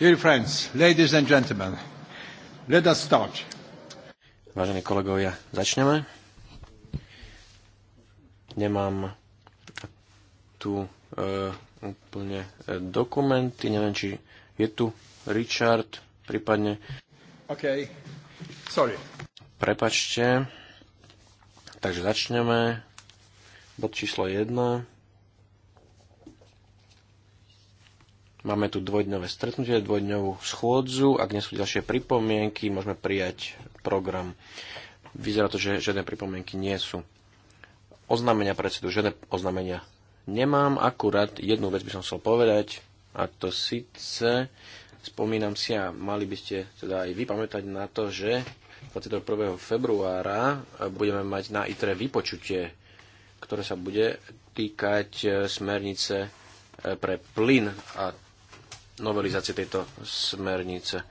Dear friends, ladies and gentlemen, let us start. Vážení kolegovia, začneme. Nemám tu e, úplne e, dokumenty, neviem, či je tu Richard, prípadne... OK, sorry. Prepačte. Takže začneme. Bod číslo 1 Máme tu dvojdňové stretnutie, dvojdňovú schôdzu. Ak nie sú ďalšie pripomienky, môžeme prijať program. Vyzerá to, že žiadne pripomienky nie sú. Oznámenia predsedu, žiadne oznámenia nemám. Akurát jednu vec by som chcel povedať, a to síce, spomínam si, a mali by ste teda aj vypamätať na to, že 21. februára budeme mať na ITRE vypočutie, ktoré sa bude týkať e, smernice e, pre plyn a novelizácie tejto smernice.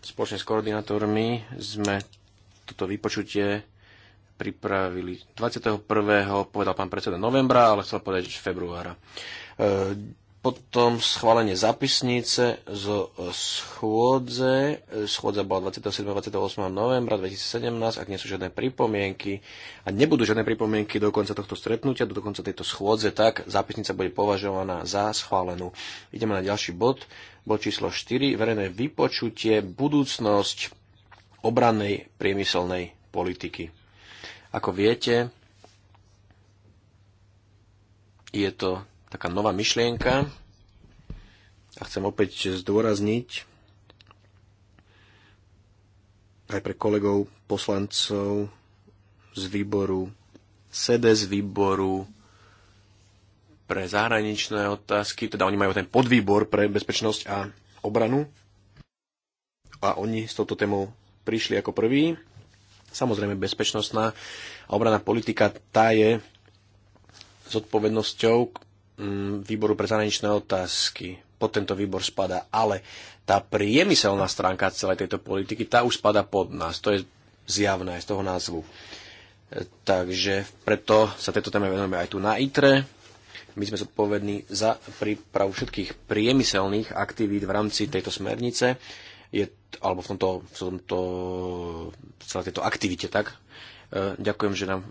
Spoločne s koordinátormi sme toto vypočutie pripravili 21. povedal pán predseda novembra, ale chcel povedať februára. E, potom schválenie zapisnice zo e, schôdze. E, schôdza bola 27. 28. novembra 2017, ak nie sú žiadne pripomienky a nebudú žiadne pripomienky do konca tohto stretnutia, do konca tejto schôdze, tak zápisnica bude považovaná za schválenú. Ideme na ďalší bod, bod číslo 4, verejné vypočutie, budúcnosť obrannej priemyselnej politiky. Ako viete, je to taká nová myšlienka a chcem opäť zdôrazniť aj pre kolegov poslancov z výboru sede z výboru pre zahraničné otázky, teda oni majú ten podvýbor pre bezpečnosť a obranu. A oni s touto témou prišli ako prví. Samozrejme, bezpečnostná a obranná politika tá je zodpovednosťou, Mm, výboru pre zahraničné otázky. Pod tento výbor spada. Ale tá priemyselná stránka celej tejto politiky, tá už spada pod nás. To je zjavné z toho názvu. Takže preto sa tejto téme venujeme aj tu na ITRE. My sme zodpovední za prípravu všetkých priemyselných aktivít v rámci tejto smernice, je, alebo v tomto, v tomto v celej tejto aktivite, tak? E, ďakujem, že nám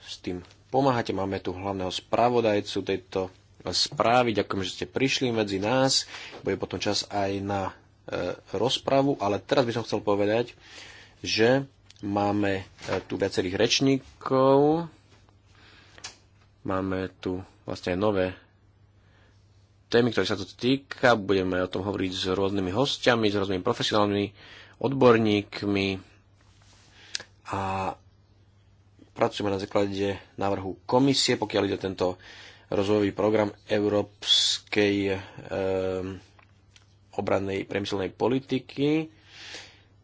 s tým pomáhate. Máme tu hlavného spravodajcu tejto správy. Ďakujem, že ste prišli medzi nás. Bude potom čas aj na e, rozpravu, ale teraz by som chcel povedať, že máme e, tu viacerých rečníkov. Máme tu vlastne aj nové témy, ktoré sa to týka. Budeme o tom hovoriť s rôznymi hostiami, s rôznymi profesionálnymi odborníkmi a pracujeme na základe návrhu komisie, pokiaľ ide tento rozvojový program Európskej e, obrannej priemyselnej politiky.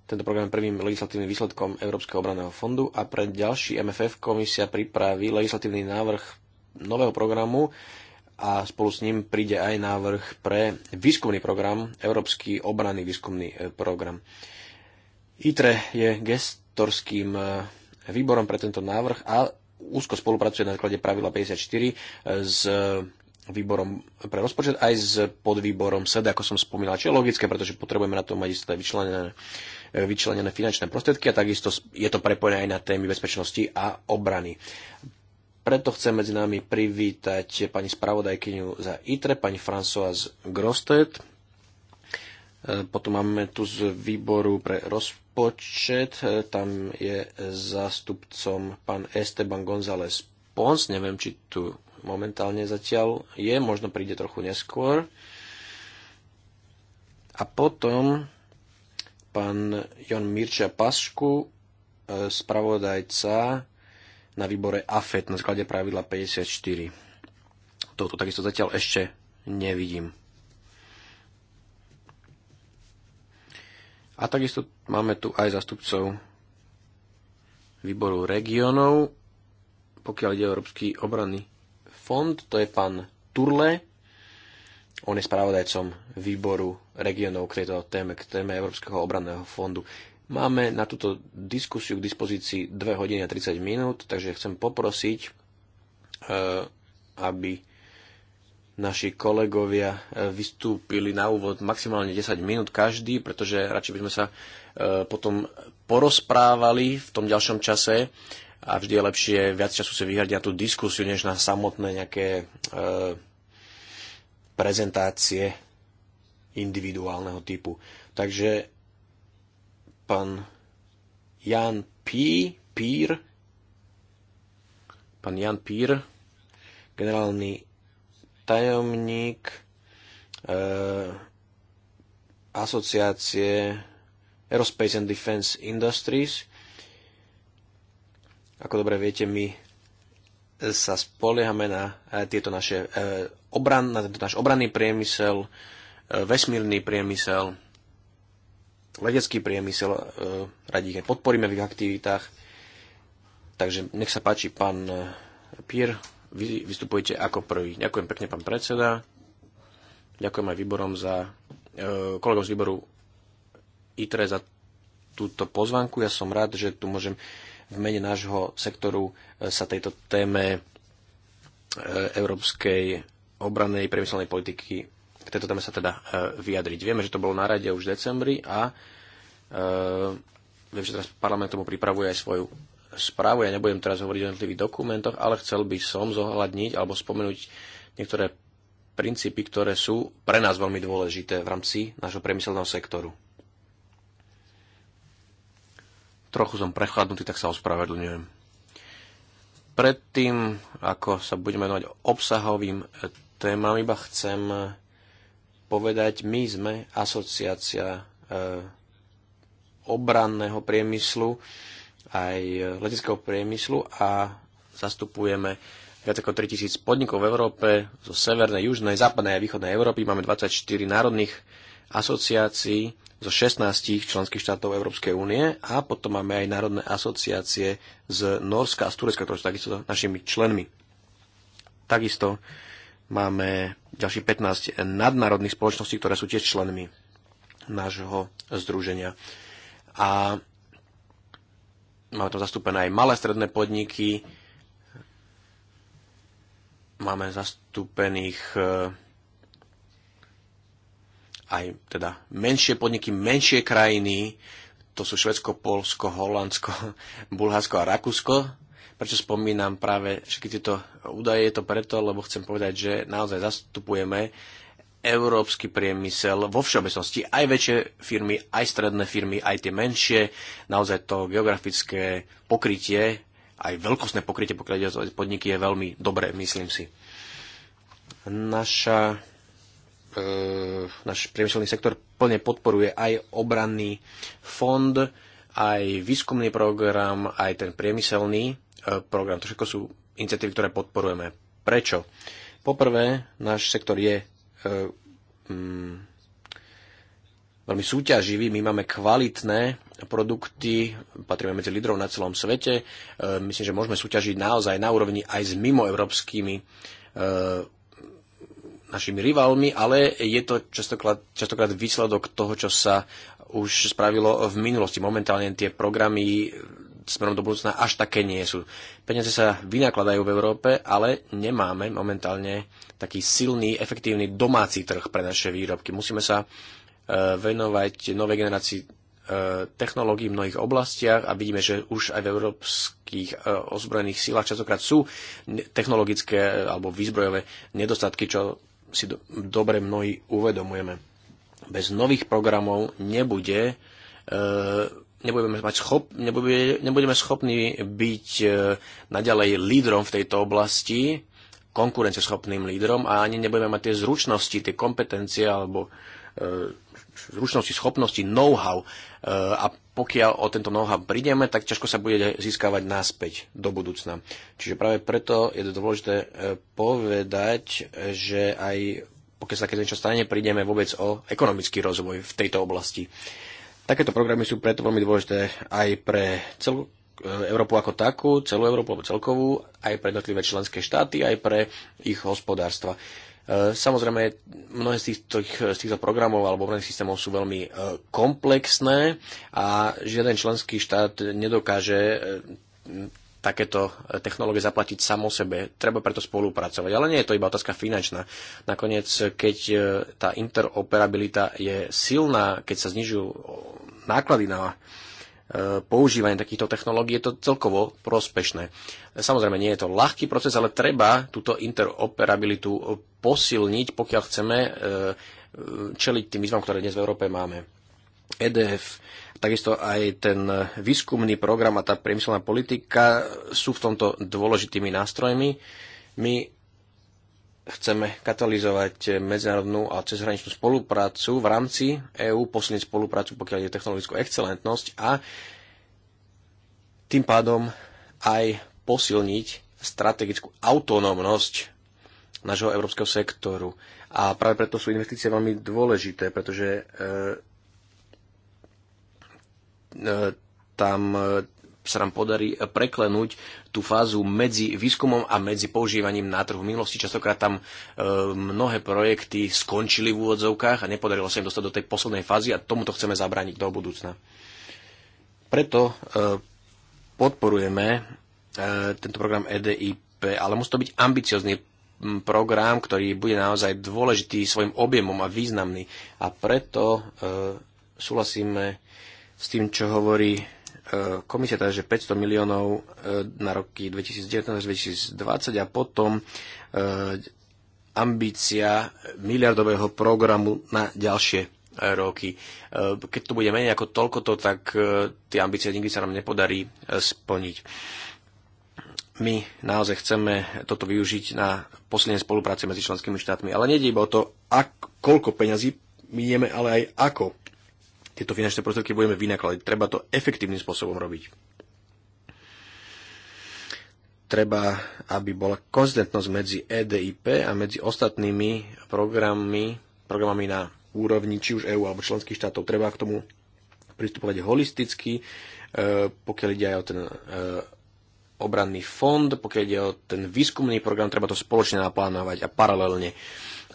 Tento program je prvým legislatívnym výsledkom Európskeho obranného fondu a pre ďalší MFF komisia pripraví legislatívny návrh nového programu a spolu s ním príde aj návrh pre výskumný program, Európsky obranný výskumný e, program. ITRE je gestorským e, výborom pre tento návrh a úzko spolupracuje na základe pravidla 54 eh, s eh, výborom pre rozpočet aj s podvýborom SED, ako som spomínal, čo je logické, pretože potrebujeme na to mať isté vyčlenené, eh, vyčlenené finančné prostriedky a takisto je to prepojené aj na témy bezpečnosti a obrany. Preto chcem medzi nami privítať pani spravodajkyňu za ITRE, pani Françoise Grostet, potom máme tu z výboru pre rozpočet, e, tam je zástupcom pán Esteban González Pons, neviem, či tu momentálne zatiaľ je, možno príde trochu neskôr. A potom pán Jon Mirča Pasku, e, spravodajca na výbore AFET na základe pravidla 54. Toto takisto zatiaľ ešte nevidím. A takisto máme tu aj zastupcov výboru regionov, pokiaľ ide Európsky obranný fond, to je pán Turle. On je spravodajcom výboru regionov k tejto téme, k téme Európskeho obranného fondu. Máme na túto diskusiu k dispozícii 2 hodiny a 30 minút, takže chcem poprosiť, eh, aby naši kolegovia e, vystúpili na úvod maximálne 10 minút každý, pretože radšej by sme sa e, potom porozprávali v tom ďalšom čase a vždy je lepšie viac času si vyhradiť na tú diskusiu, než na samotné nejaké e, prezentácie individuálneho typu. Takže pán Jan P. Pír, pán Jan Pír, generálny tajomník e, asociácie Aerospace and Defense Industries. Ako dobre viete, my sa spoliehame na e, tieto naše e, obran, na tento náš obranný priemysel, e, vesmírny priemysel, letecký priemysel, e, radí ich aj podporíme v ich aktivitách. Takže nech sa páči, pán e, Pier, vy vystupujete ako prvý. Ďakujem pekne, pán predseda. Ďakujem aj výborom za, e, kolegom z výboru ITRE za túto pozvanku. Ja som rád, že tu môžem v mene nášho sektoru e, sa tejto téme e, európskej obranej priemyselnej politiky k tejto téme sa teda e, vyjadriť. Vieme, že to bolo na rade už v decembri a e, viem, že teraz parlament tomu pripravuje aj svoju správu. Ja nebudem teraz hovoriť o jednotlivých dokumentoch, ale chcel by som zohľadniť alebo spomenúť niektoré princípy, ktoré sú pre nás veľmi dôležité v rámci nášho priemyselného sektoru. Trochu som prechladnutý, tak sa ospravedlňujem. Predtým, ako sa budeme venovať obsahovým témam, iba chcem povedať, my sme asociácia e, obranného priemyslu aj leteckého priemyslu a zastupujeme viac ako 3000 podnikov v Európe zo severnej, južnej, západnej a východnej Európy. Máme 24 národných asociácií zo 16 členských štátov Európskej únie a potom máme aj národné asociácie z Norska a z Turecka, ktoré sú takisto našimi členmi. Takisto máme ďalších 15 nadnárodných spoločností, ktoré sú tiež členmi nášho združenia. A Máme tam zastúpené aj malé stredné podniky, máme zastúpených e, aj teda menšie podniky, menšie krajiny, to sú Švedsko, Polsko, Holandsko, Bulharsko a Rakúsko. Prečo spomínam práve všetky tieto údaje, je to preto, lebo chcem povedať, že naozaj zastupujeme európsky priemysel vo všeobecnosti, aj väčšie firmy, aj stredné firmy, aj tie menšie, naozaj to geografické pokrytie, aj veľkostné pokrytie, pokiaľ ide podniky, je veľmi dobré, myslím si. Naša, e, naš priemyselný sektor plne podporuje aj obranný fond, aj výskumný program, aj ten priemyselný e, program. To všetko sú iniciatívy, ktoré podporujeme. Prečo? Poprvé, náš sektor je E, mm, veľmi súťaživí. My máme kvalitné produkty, patríme medzi lídrov na celom svete. E, myslím, že môžeme súťažiť naozaj na úrovni aj s mimoevropskými e, našimi rivalmi, ale je to častokrát, častokrát výsledok toho, čo sa už spravilo v minulosti. Momentálne tie programy smerom do budúcna až také nie sú. Peniaze sa vynakladajú v Európe, ale nemáme momentálne taký silný, efektívny domáci trh pre naše výrobky. Musíme sa e, venovať novej generácii e, technológií v mnohých oblastiach a vidíme, že už aj v európskych e, ozbrojených sílach častokrát sú technologické alebo výzbrojové nedostatky, čo si do, dobre mnohí uvedomujeme. Bez nových programov nebude e, nebudeme, mať schop, nebudeme, nebudeme schopní byť e, naďalej lídrom v tejto oblasti, konkurenceschopným lídrom a ani nebudeme mať tie zručnosti, tie kompetencie alebo e, zručnosti, schopnosti, know-how. E, a pokiaľ o tento know-how prídeme, tak ťažko sa bude získavať naspäť do budúcna. Čiže práve preto je to dôležité e, povedať, že aj pokiaľ sa keď niečo stane, prídeme vôbec o ekonomický rozvoj v tejto oblasti. E, Takéto programy sú preto veľmi dôležité aj pre celú e, Európu ako takú, celú Európu alebo celkovú, aj pre jednotlivé členské štáty, aj pre ich hospodárstva. E, samozrejme, mnohé z, týchto, z týchto programov alebo mnohých systémov sú veľmi e, komplexné a žiaden členský štát nedokáže takéto e, technológie zaplatiť samo sebe. Treba preto spolupracovať. Ale nie je to iba otázka finančná. Nakoniec, keď e, tá interoperabilita je silná, keď sa znižujú náklady na e, používanie takýchto technológií, je to celkovo prospešné. Samozrejme, nie je to ľahký proces, ale treba túto interoperabilitu posilniť, pokiaľ chceme čeliť tým výzvam, ktoré dnes v Európe máme. EDF, takisto aj ten výskumný program a tá priemyselná politika sú v tomto dôležitými nástrojmi. My chceme katalizovať medzinárodnú a cezhraničnú spoluprácu v rámci EÚ, posilniť spoluprácu, pokiaľ ide technologickú excelentnosť a tým pádom aj posilniť strategickú autonómnosť nášho európskeho sektoru. A práve preto sú investície veľmi dôležité, pretože e, E, tam e, sa nám podarí preklenúť tú fázu medzi výskumom a medzi používaním na trhu. V minulosti častokrát tam e, mnohé projekty skončili v úvodzovkách a nepodarilo sa im dostať do tej poslednej fázy a tomuto chceme zabrániť do budúcna. Preto e, podporujeme e, tento program EDIP, ale musí to byť ambiciozný program, ktorý bude naozaj dôležitý svojim objemom a významný. A preto e, súhlasíme s tým, čo hovorí e, komisia, teda, že 500 miliónov e, na roky 2019-2020 a potom e, ambícia miliardového programu na ďalšie roky. Keď to bude menej ako toľkoto, tak tie ambície nikdy sa nám nepodarí splniť. My naozaj chceme toto využiť na posilnenie spolupráce medzi členskými štátmi. Ale nejde iba o to, ak, koľko peňazí minieme, ale aj ako tieto finančné prostriedky budeme vynakladať. Treba to efektívnym spôsobom robiť. Treba, aby bola konzistentnosť medzi EDIP a medzi ostatnými programmi, programami na úrovni či už EÚ alebo členských štátov. Treba k tomu pristupovať holisticky, e, pokiaľ ide aj o ten e, obranný fond, pokiaľ ide o ten výskumný program, treba to spoločne naplánovať a paralelne.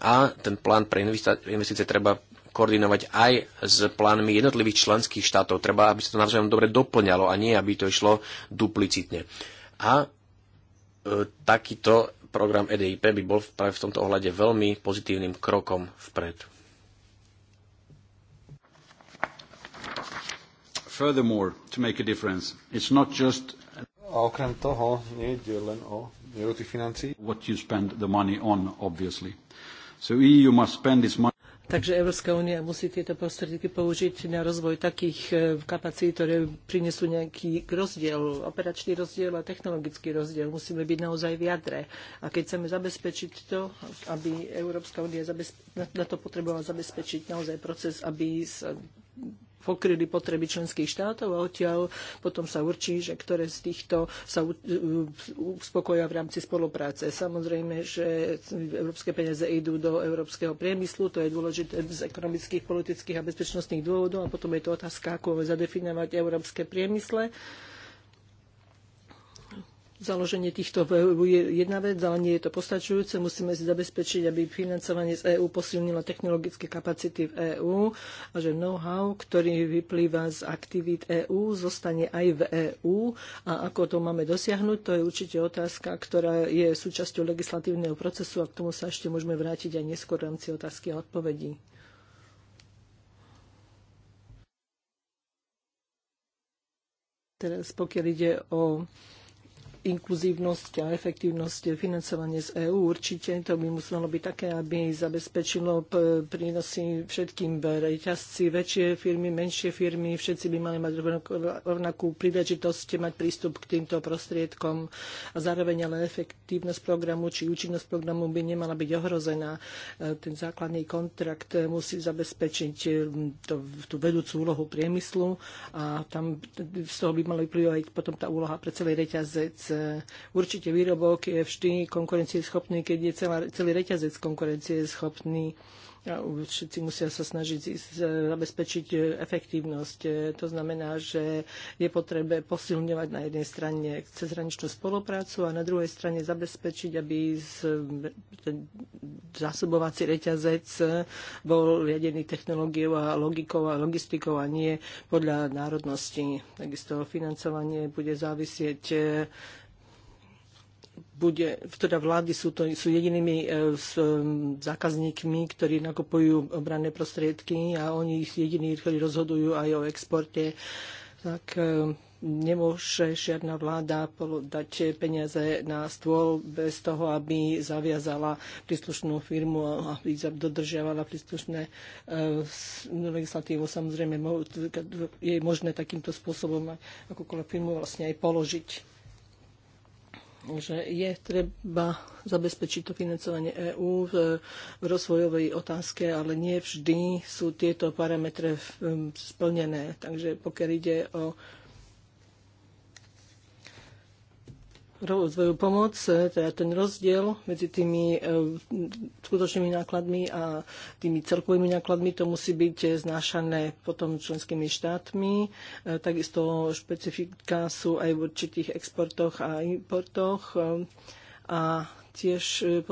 A ten plán pre investície treba koordinovať aj s plánmi jednotlivých členských štátov. Treba, aby sa to navzájom dobre doplňalo a nie, aby to išlo duplicitne. A e, takýto program EDIP by bol práve v tomto ohľade veľmi pozitívnym krokom vpred. Furthermore, to make a difference, it's not just a okrem toho nie je len o mieru financí. What you spend the money on, obviously. So EU must spend its money Takže Európska únia musí tieto prostriedky použiť na rozvoj takých e, kapacít, ktoré prinesú nejaký rozdiel, operačný rozdiel a technologický rozdiel. Musíme byť naozaj v jadre. A keď chceme zabezpečiť to, aby Európska únia na to potrebovala zabezpečiť naozaj proces, aby sa pokryli potreby členských štátov a odtiaľ potom sa určí, že ktoré z týchto sa uspokoja v rámci spolupráce. Samozrejme, že európske peniaze idú do európskeho priemyslu, to je dôležité z ekonomických, politických a bezpečnostných dôvodov a potom je to otázka, ako zadefinovať európske priemysle Založenie týchto VU je jedna vec, ale nie je to postačujúce. Musíme si zabezpečiť, aby financovanie z EÚ posilnilo technologické kapacity v EÚ a že know-how, ktorý vyplýva z aktivít EÚ, zostane aj v EÚ. A ako to máme dosiahnuť, to je určite otázka, ktorá je súčasťou legislatívneho procesu a k tomu sa ešte môžeme vrátiť aj neskôr v rámci otázky a odpovedí. Teraz pokiaľ ide o inkluzívnosť a efektívnosť eh, financovania z EÚ. Určite to by muselo byť také, aby zabezpečilo prínosy všetkým reťazci, väčšie firmy, menšie firmy, všetci by mali mať rovnakú príležitosť mať prístup k týmto prostriedkom a zároveň ale efektívnosť programu či účinnosť programu by nemala byť ohrozená. Eh, ten základný kontrakt musí zabezpečiť eh, to, tú vedúcu úlohu priemyslu a tam z toho by mali plývať potom tá úloha pre celý reťazec E, určite výrobok je vždy konkurencieschopný, keď je celá, celý reťazec konkurencieschopný. A všetci musia sa snažiť zabezpečiť efektívnosť. E, to znamená, že je potrebe posilňovať na jednej strane cezhraničnú spoluprácu a na druhej strane zabezpečiť, aby ten zásobovací reťazec bol riadený technológiou a logikou a logistikou a nie podľa národnosti. Takisto financovanie bude závisieť e, bude, teda vlády sú, to, sú jedinými e, e, zákazníkmi, ktorí nakupujú obranné prostriedky a oni ich jediní, ktorí rozhodujú aj o exporte, tak e, nemôže žiadna vláda dať peniaze na stôl bez toho, aby zaviazala príslušnú firmu a aby dodržiavala príslušné legislatívu. Samozrejme, je možné takýmto spôsobom akúkoľvek firmu vlastne aj položiť že je treba zabezpečiť to financovanie EÚ v, v rozvojovej otázke, ale nie vždy sú tieto parametre splnené. Takže pokiaľ ide o rozvoju pomoc, e, teda ten rozdiel medzi tými e, skutočnými nákladmi a tými celkovými nákladmi, to musí byť e, znášané potom členskými štátmi. Takisto špecifika sú aj v určitých exportoch a importoch a Tiež e,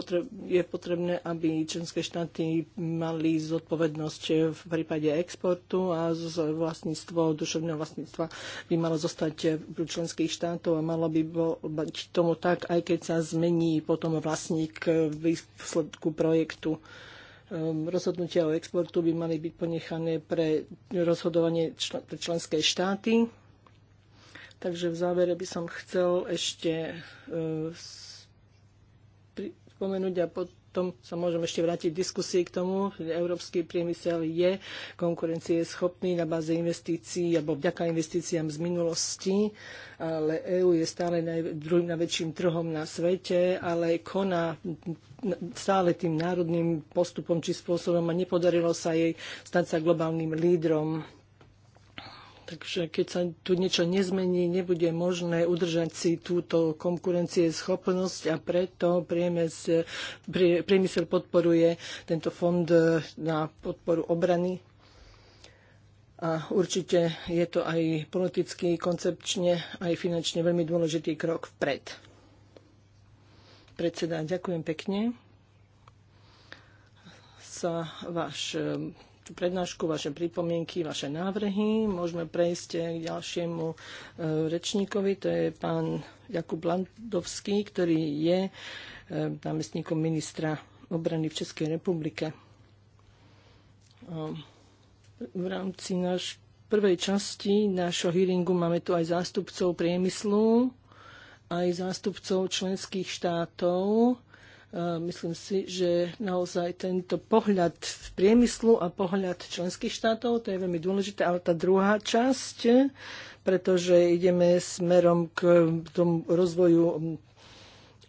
je potrebné, aby členské štáty mali zodpovednosť v prípade exportu a vlastníctvo, duševného vlastníctva by malo zostať v e, členských štátov a malo by byť tomu tak, aj keď sa zmení potom vlastník e, v výsledku projektu ehm, rozhodnutia o exportu by mali byť ponechané pre rozhodovanie čl- pre členské štáty. Takže v závere by som chcel ešte spomenúť a potom sa môžem ešte vrátiť v diskusii k tomu. Európsky priemysel je konkurencie schopný na báze investícií alebo vďaka investíciám z minulosti, ale EÚ je stále naj, druhým najväčším trhom na svete, ale koná stále tým národným postupom či spôsobom a nepodarilo sa jej stať sa globálnym lídrom Takže keď sa tu niečo nezmení, nebude možné udržať si túto schopnosť. a preto priemysel, priemysel podporuje tento fond na podporu obrany. A určite je to aj politicky, koncepčne, aj finančne veľmi dôležitý krok vpred. Predseda, ďakujem pekne za váš prednášku, vaše pripomienky, vaše návrhy. Môžeme prejsť k ďalšiemu e, rečníkovi, to je pán Jakub Landovský, ktorý je e, námestníkom ministra obrany v Českej republike. V rámci naš, prvej časti nášho hearingu máme tu aj zástupcov priemyslu, aj zástupcov členských štátov Myslím si, že naozaj tento pohľad v priemyslu a pohľad členských štátov, to je veľmi dôležité, ale tá druhá časť, pretože ideme smerom k tomu rozvoju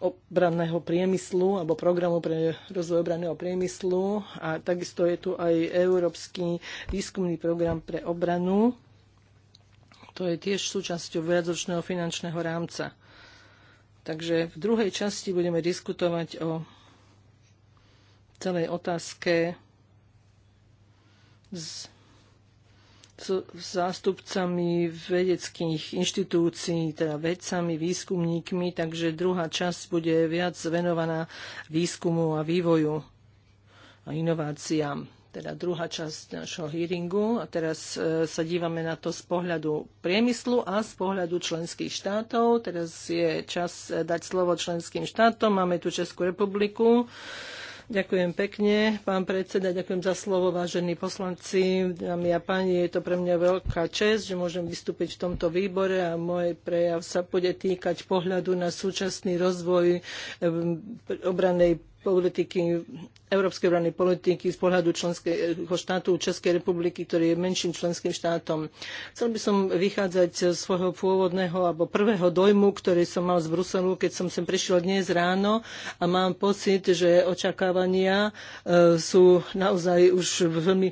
obranného priemyslu alebo programu pre rozvoj obranného priemyslu a takisto je tu aj Európsky výskumný program pre obranu. To je tiež súčasťou viacročného finančného rámca. Takže v druhej časti budeme diskutovať o celej otázke s, s zástupcami vedeckých inštitúcií, teda vedcami, výskumníkmi, takže druhá časť bude viac venovaná výskumu a vývoju a inováciám teda druhá časť našho hearingu. A teraz e, sa dívame na to z pohľadu priemyslu a z pohľadu členských štátov. Teraz je čas e, dať slovo členským štátom. Máme tu Českú republiku. Ďakujem pekne, pán predseda, ďakujem za slovo, vážení poslanci, dámy a páni, je to pre mňa veľká čest, že môžem vystúpiť v tomto výbore a môj prejav sa bude týkať pohľadu na súčasný rozvoj e, obranej politiky, európskej obrannej politiky z pohľadu členského štátu Českej republiky, ktorý je menším členským štátom. Chcel by som vychádzať z svojho pôvodného alebo prvého dojmu, ktorý som mal z Bruselu, keď som sem prišiel dnes ráno a mám pocit, že očakávania e, sú naozaj už veľmi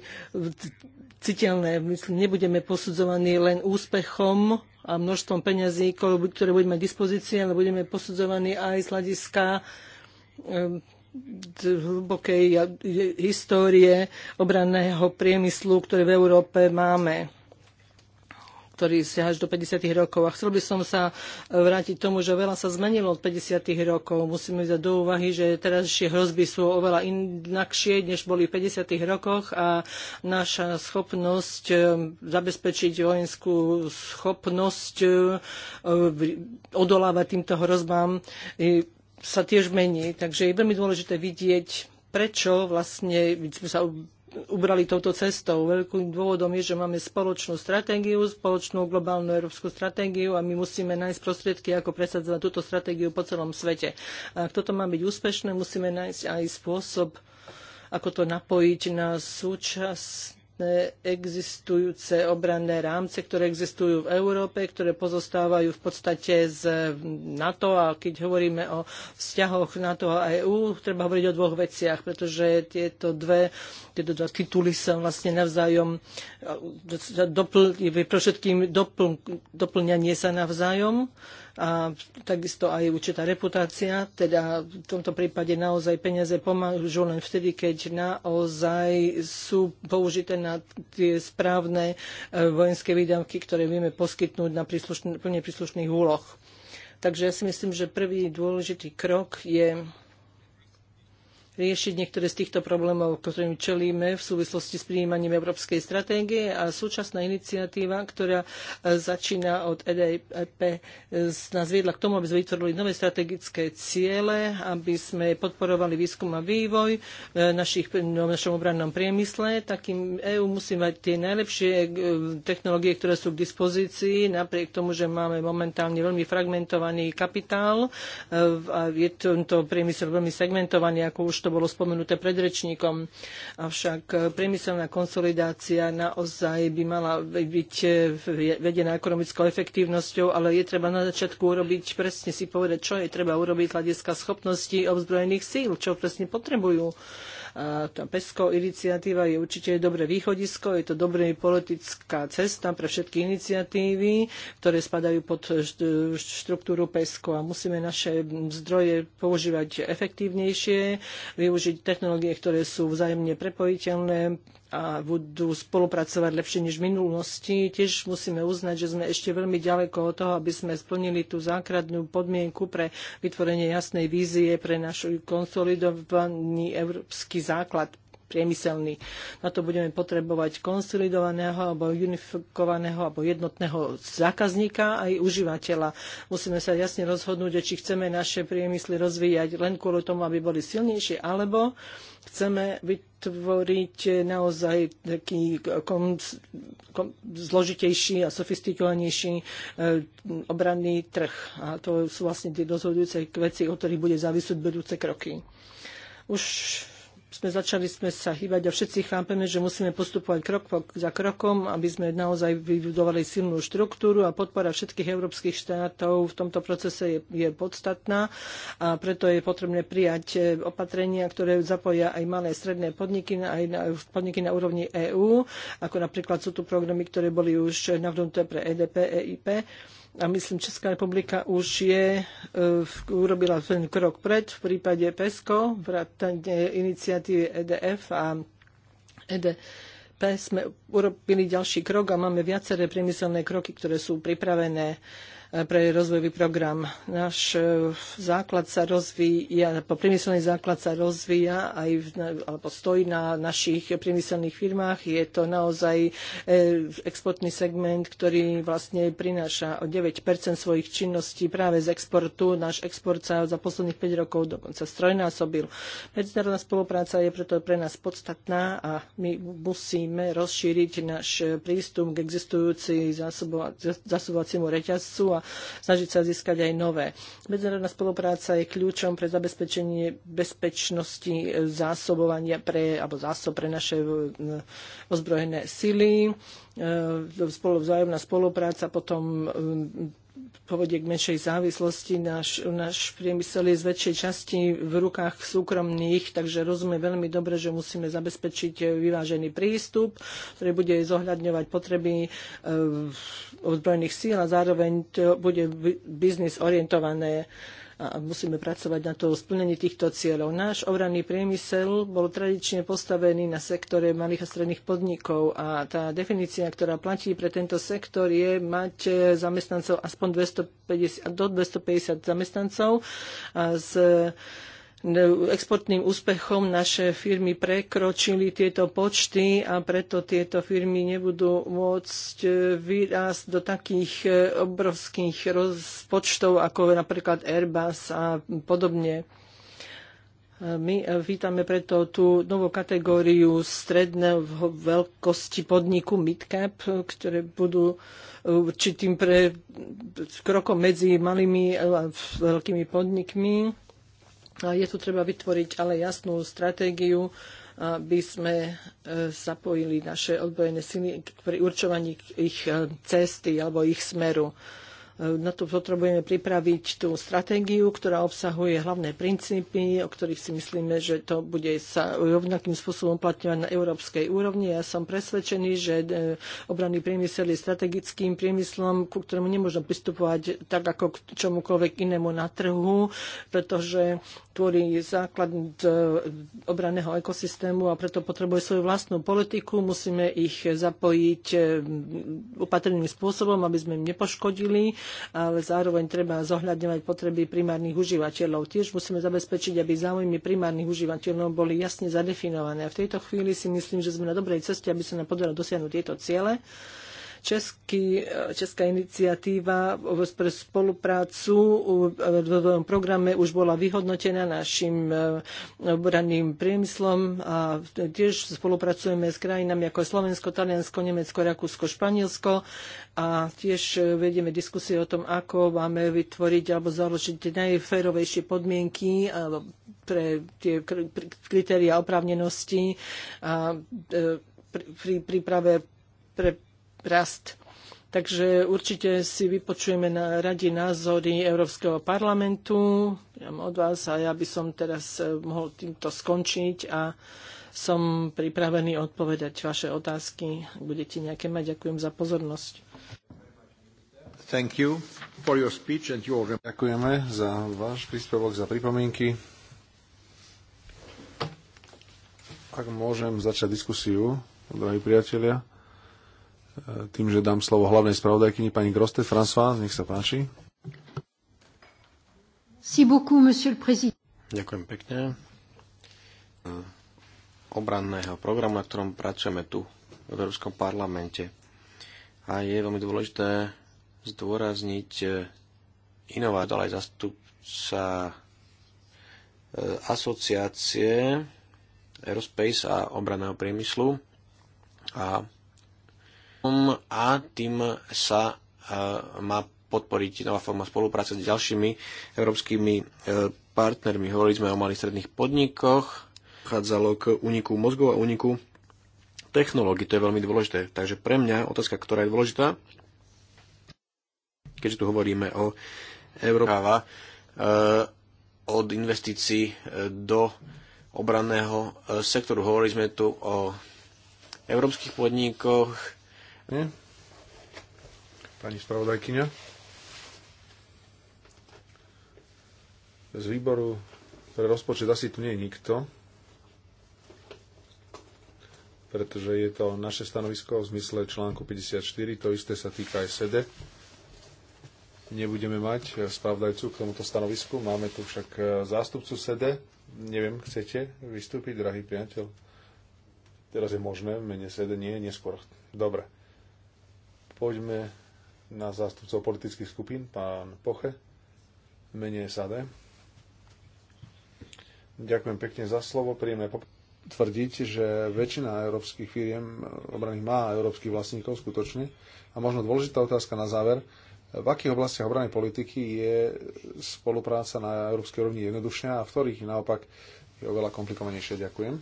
citeľné. Myslím, nebudeme posudzovaní len úspechom a množstvom peňazí, ktoré budeme k dispozícii, ale budeme posudzovaní aj z hľadiska e, hlbokej histórie obranného priemyslu, ktorý v Európe máme ktorý siaha až do 50. rokov. A chcel by som sa vrátiť tomu, že veľa sa zmenilo od 50. rokov. Musíme vziať do úvahy, že terazšie hrozby sú oveľa inakšie, než boli v 50. rokoch a naša schopnosť e, zabezpečiť vojenskú schopnosť e, odolávať týmto hrozbám sa tiež mení. Takže je veľmi dôležité vidieť, prečo vlastne sme sa ubrali touto cestou. Veľkým dôvodom je, že máme spoločnú stratégiu, spoločnú globálnu európsku stratégiu a my musíme nájsť prostriedky, ako presadzovať túto stratégiu po celom svete. A ak toto má byť úspešné, musíme nájsť aj spôsob, ako to napojiť na súčasť ostatné existujúce obranné rámce, ktoré existujú v Európe, ktoré pozostávajú v podstate z NATO a keď hovoríme o vzťahoch NATO a EÚ, treba hovoriť o dvoch veciach, pretože tieto dve, tieto dva tituly sa vlastne navzájom e, dopl, doplňanie sa navzájom a takisto aj určitá reputácia. Teda v tomto prípade naozaj peniaze pomážu len vtedy, keď naozaj sú použité na tie správne e, vojenské výdavky, ktoré vieme poskytnúť na príslušný, plne príslušných úloh. Takže ja si myslím, že prvý dôležitý krok je riešiť niektoré z týchto problémov, ktorým čelíme v súvislosti s príjmaním Európskej stratégie a súčasná iniciatíva, ktorá e, začína od EDP, e, nás viedla k tomu, aby sme vytvorili nové strategické ciele, aby sme podporovali výskum a vývoj v, e, našich, no, v našom obrannom priemysle. Takým EÚ musí mať tie najlepšie technológie, ktoré sú k dispozícii, napriek tomu, že máme momentálne veľmi fragmentovaný kapitál a je tento priemysel veľmi segmentovaný, ako už to to bolo spomenuté predrečníkom. Avšak priemyselná konsolidácia naozaj by mala byť eh, vedená ekonomickou efektívnosťou, ale je treba na začiatku urobiť, presne si povedať, čo je treba urobiť hľadiska schopností obzbrojených síl, čo presne potrebujú tá PESCO iniciatíva je určite dobré východisko, je to dobrá politická cesta pre všetky iniciatívy, ktoré spadajú pod štruktúru PESCO a musíme naše zdroje používať efektívnejšie, využiť technológie, ktoré sú vzájomne prepojiteľné, a budú spolupracovať lepšie než v minulosti. Tiež musíme uznať, že sme ešte veľmi ďaleko od toho, aby sme splnili tú základnú podmienku pre vytvorenie jasnej vízie pre našu konsolidovaný európsky základ priemyselný. Na to budeme potrebovať konsolidovaného alebo unifikovaného alebo jednotného zákazníka aj užívateľa. Musíme sa jasne rozhodnúť, či chceme naše priemysly rozvíjať len kvôli tomu, aby boli silnejšie, alebo chceme vytvoriť naozaj taký kom, kom, zložitejší a sofistikovanejší e, obranný trh. A to sú vlastne tie rozhodujúce veci, o ktorých bude závisúť budúce kroky. Už sme začali sme sa hýbať a všetci chápeme, že musíme postupovať krok za krokom, aby sme naozaj vybudovali silnú štruktúru a podpora všetkých európskych štátov v tomto procese je, je podstatná a preto je potrebné prijať e, opatrenia, ktoré zapoja aj malé stredné podniky, aj na, podniky na úrovni EÚ, ako napríklad sú tu programy, ktoré boli už navrhnuté pre EDP, EIP a myslím, Česká republika už je, e, urobila ten krok pred v prípade PESCO, vrátane iniciatívy EDF a EDP sme urobili ďalší krok a máme viaceré priemyselné kroky, ktoré sú pripravené E, pre rozvojový program. Náš e, základ sa rozvíja, po priemyselný základ sa rozvíja aj v, alebo stojí na našich priemyselných firmách. Je to naozaj e, exportný segment, ktorý vlastne prináša o 9 svojich činností práve z exportu. Náš export sa za posledných 5 rokov dokonca strojnásobil. Medzinárodná spolupráca je preto pre nás podstatná a my musíme rozšíriť náš prístup k existujúcej zásobovaciemu reťazcu a a snažiť sa získať aj nové. Medzinárodná spolupráca je kľúčom pre zabezpečenie bezpečnosti e, zásobovania pre, alebo zásob pre naše e, ozbrojené sily. E, spolu, vzájomná spolupráca potom povedie k menšej závislosti. Náš, náš priemysel je z väčšej časti v rukách súkromných, takže rozumie veľmi dobre, že musíme zabezpečiť vyvážený prístup, ktorý bude zohľadňovať potreby e, ozbrojených síl a zároveň to bude biznis orientované a musíme pracovať na to splnení týchto cieľov. Náš obranný priemysel bol tradične postavený na sektore malých a stredných podnikov a tá definícia, ktorá platí pre tento sektor je mať zamestnancov aspoň 250, do 250 zamestnancov a z exportným úspechom naše firmy prekročili tieto počty a preto tieto firmy nebudú môcť e, vyrásť do takých e, obrovských rozpočtov ako napríklad Airbus a podobne. E, my vítame preto tú novú kategóriu stredné veľkosti podniku midcap, ktoré budú určitým pre, krokom medzi malými a veľkými podnikmi je tu treba vytvoriť ale jasnú stratégiu, aby sme e, zapojili naše odbojené sily pri určovaní ich e, cesty alebo ich smeru. E, na to potrebujeme pripraviť tú stratégiu, ktorá obsahuje hlavné princípy, o ktorých si myslíme, že to bude sa rovnakým spôsobom uplatňovať na európskej úrovni. Ja som presvedčený, že e, obranný priemysel je strategickým priemyslom, ku ktorému nemôžno pristupovať tak ako k čomukoľvek inému na trhu, pretože tvorí základ e, obranného ekosystému a preto potrebuje svoju vlastnú politiku. Musíme ich zapojiť opatrným spôsobom, aby sme im nepoškodili ale zároveň treba zohľadňovať potreby primárnych užívateľov. Tiež musíme zabezpečiť, aby záujmy primárnych užívateľov boli jasne zadefinované. A v tejto chvíli si myslím, že sme na dobrej ceste, aby sa nám podarilo dosiahnuť tieto ciele. Český, česká iniciatíva pre spoluprácu v tom programe už bola vyhodnotená našim obranným priemyslom a tiež spolupracujeme s krajinami ako Slovensko, Taliansko, Nemecko, Rakúsko, Španielsko a tiež vedieme diskusie o tom, ako máme vytvoriť alebo založiť najférovejšie podmienky pre tie kritéria oprávnenosti a pri príprave pre rast. Takže určite si vypočujeme na radi názory Európskeho parlamentu od vás a ja by som teraz eh, mohol týmto skončiť a som pripravený odpovedať vaše otázky. Ak budete nejaké mať, ďakujem za pozornosť. Thank you for your speech and your... Ďakujeme za váš príspevok, za pripomienky. Ak môžem začať diskusiu, drahí priatelia tým, že dám slovo hlavnej spravodajkyni pani Groste. François, nech sa páči. Si beaucoup, monsieur le président. Ďakujem pekne. Obranného programu, na ktorom pracujeme tu v Európskom parlamente. A je veľmi dôležité zdôrazniť eh, inovať, ale aj zastupca eh, asociácie aerospace a obranného priemyslu. A a tým sa e, má podporiť nová forma spolupráce s ďalšími európskymi e, partnermi. Hovorili sme o malých stredných podnikoch, chádzalo k úniku mozgov a úniku technológií. To je veľmi dôležité. Takže pre mňa otázka, ktorá je dôležitá, keďže tu hovoríme o Európa e, od investícií do obranného sektoru. Hovorili sme tu o európskych podnikoch, pekne. Pani spravodajkyňa? Z výboru pre rozpočet asi tu nie je nikto, pretože je to naše stanovisko v zmysle článku 54, to isté sa týka aj SEDE. Nebudeme mať spravodajcu k tomuto stanovisku, máme tu však zástupcu SEDE. Neviem, chcete vystúpiť, drahý priateľ? Teraz je možné, v mene SEDE nie, neskôr. Dobre. Poďme na zástupcov politických skupín, pán Poche, menej SAD. Ďakujem pekne za slovo, príjemné tvrdiť, že väčšina európskych firiem obraných má európskych vlastníkov skutočne. A možno dôležitá otázka na záver. V akých oblastiach obrany politiky je spolupráca na európskej rovni jednoduchšia a v ktorých naopak je oveľa komplikovanejšie? Ďakujem.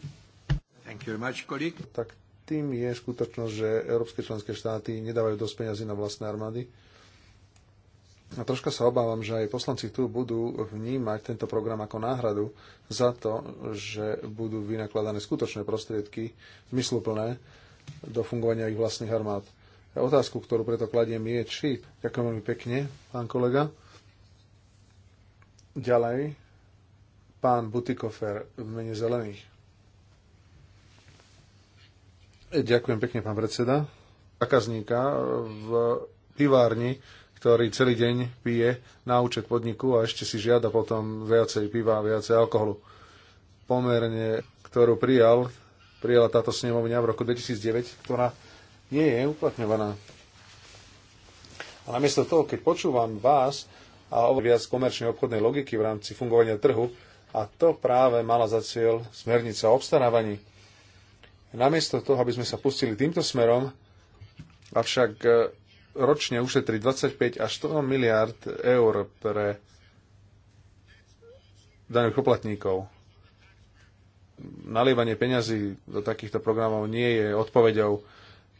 Thank you very much, colleague. Tak tým je skutočnosť, že európske členské štáty nedávajú dosť peňazí na vlastné armády. A troška sa obávam, že aj poslanci tu budú vnímať tento program ako náhradu za to, že budú vynakladané skutočné prostriedky, zmysluplné, do fungovania ich vlastných armád. A otázku, ktorú preto kladiem, je, či... Ďakujem veľmi pekne, pán kolega. Ďalej, pán Butikofer v mene zelených. Ďakujem pekne, pán predseda. Zákazníka v pivárni, ktorý celý deň pije na účet podniku a ešte si žiada potom viacej piva, viacej alkoholu. Pomerne, ktorú prijal, prijala táto snemovňa v roku 2009, ktorá nie je uplatňovaná. A namiesto toho, keď počúvam vás a o viac komerčnej obchodnej logiky v rámci fungovania trhu, a to práve mala za cieľ smernica o obstarávaní Namiesto toho, aby sme sa pustili týmto smerom, avšak e, ročne ušetri 25 až 100 miliard eur pre daných poplatníkov. Nalievanie peňazí do takýchto programov nie je odpoveďou,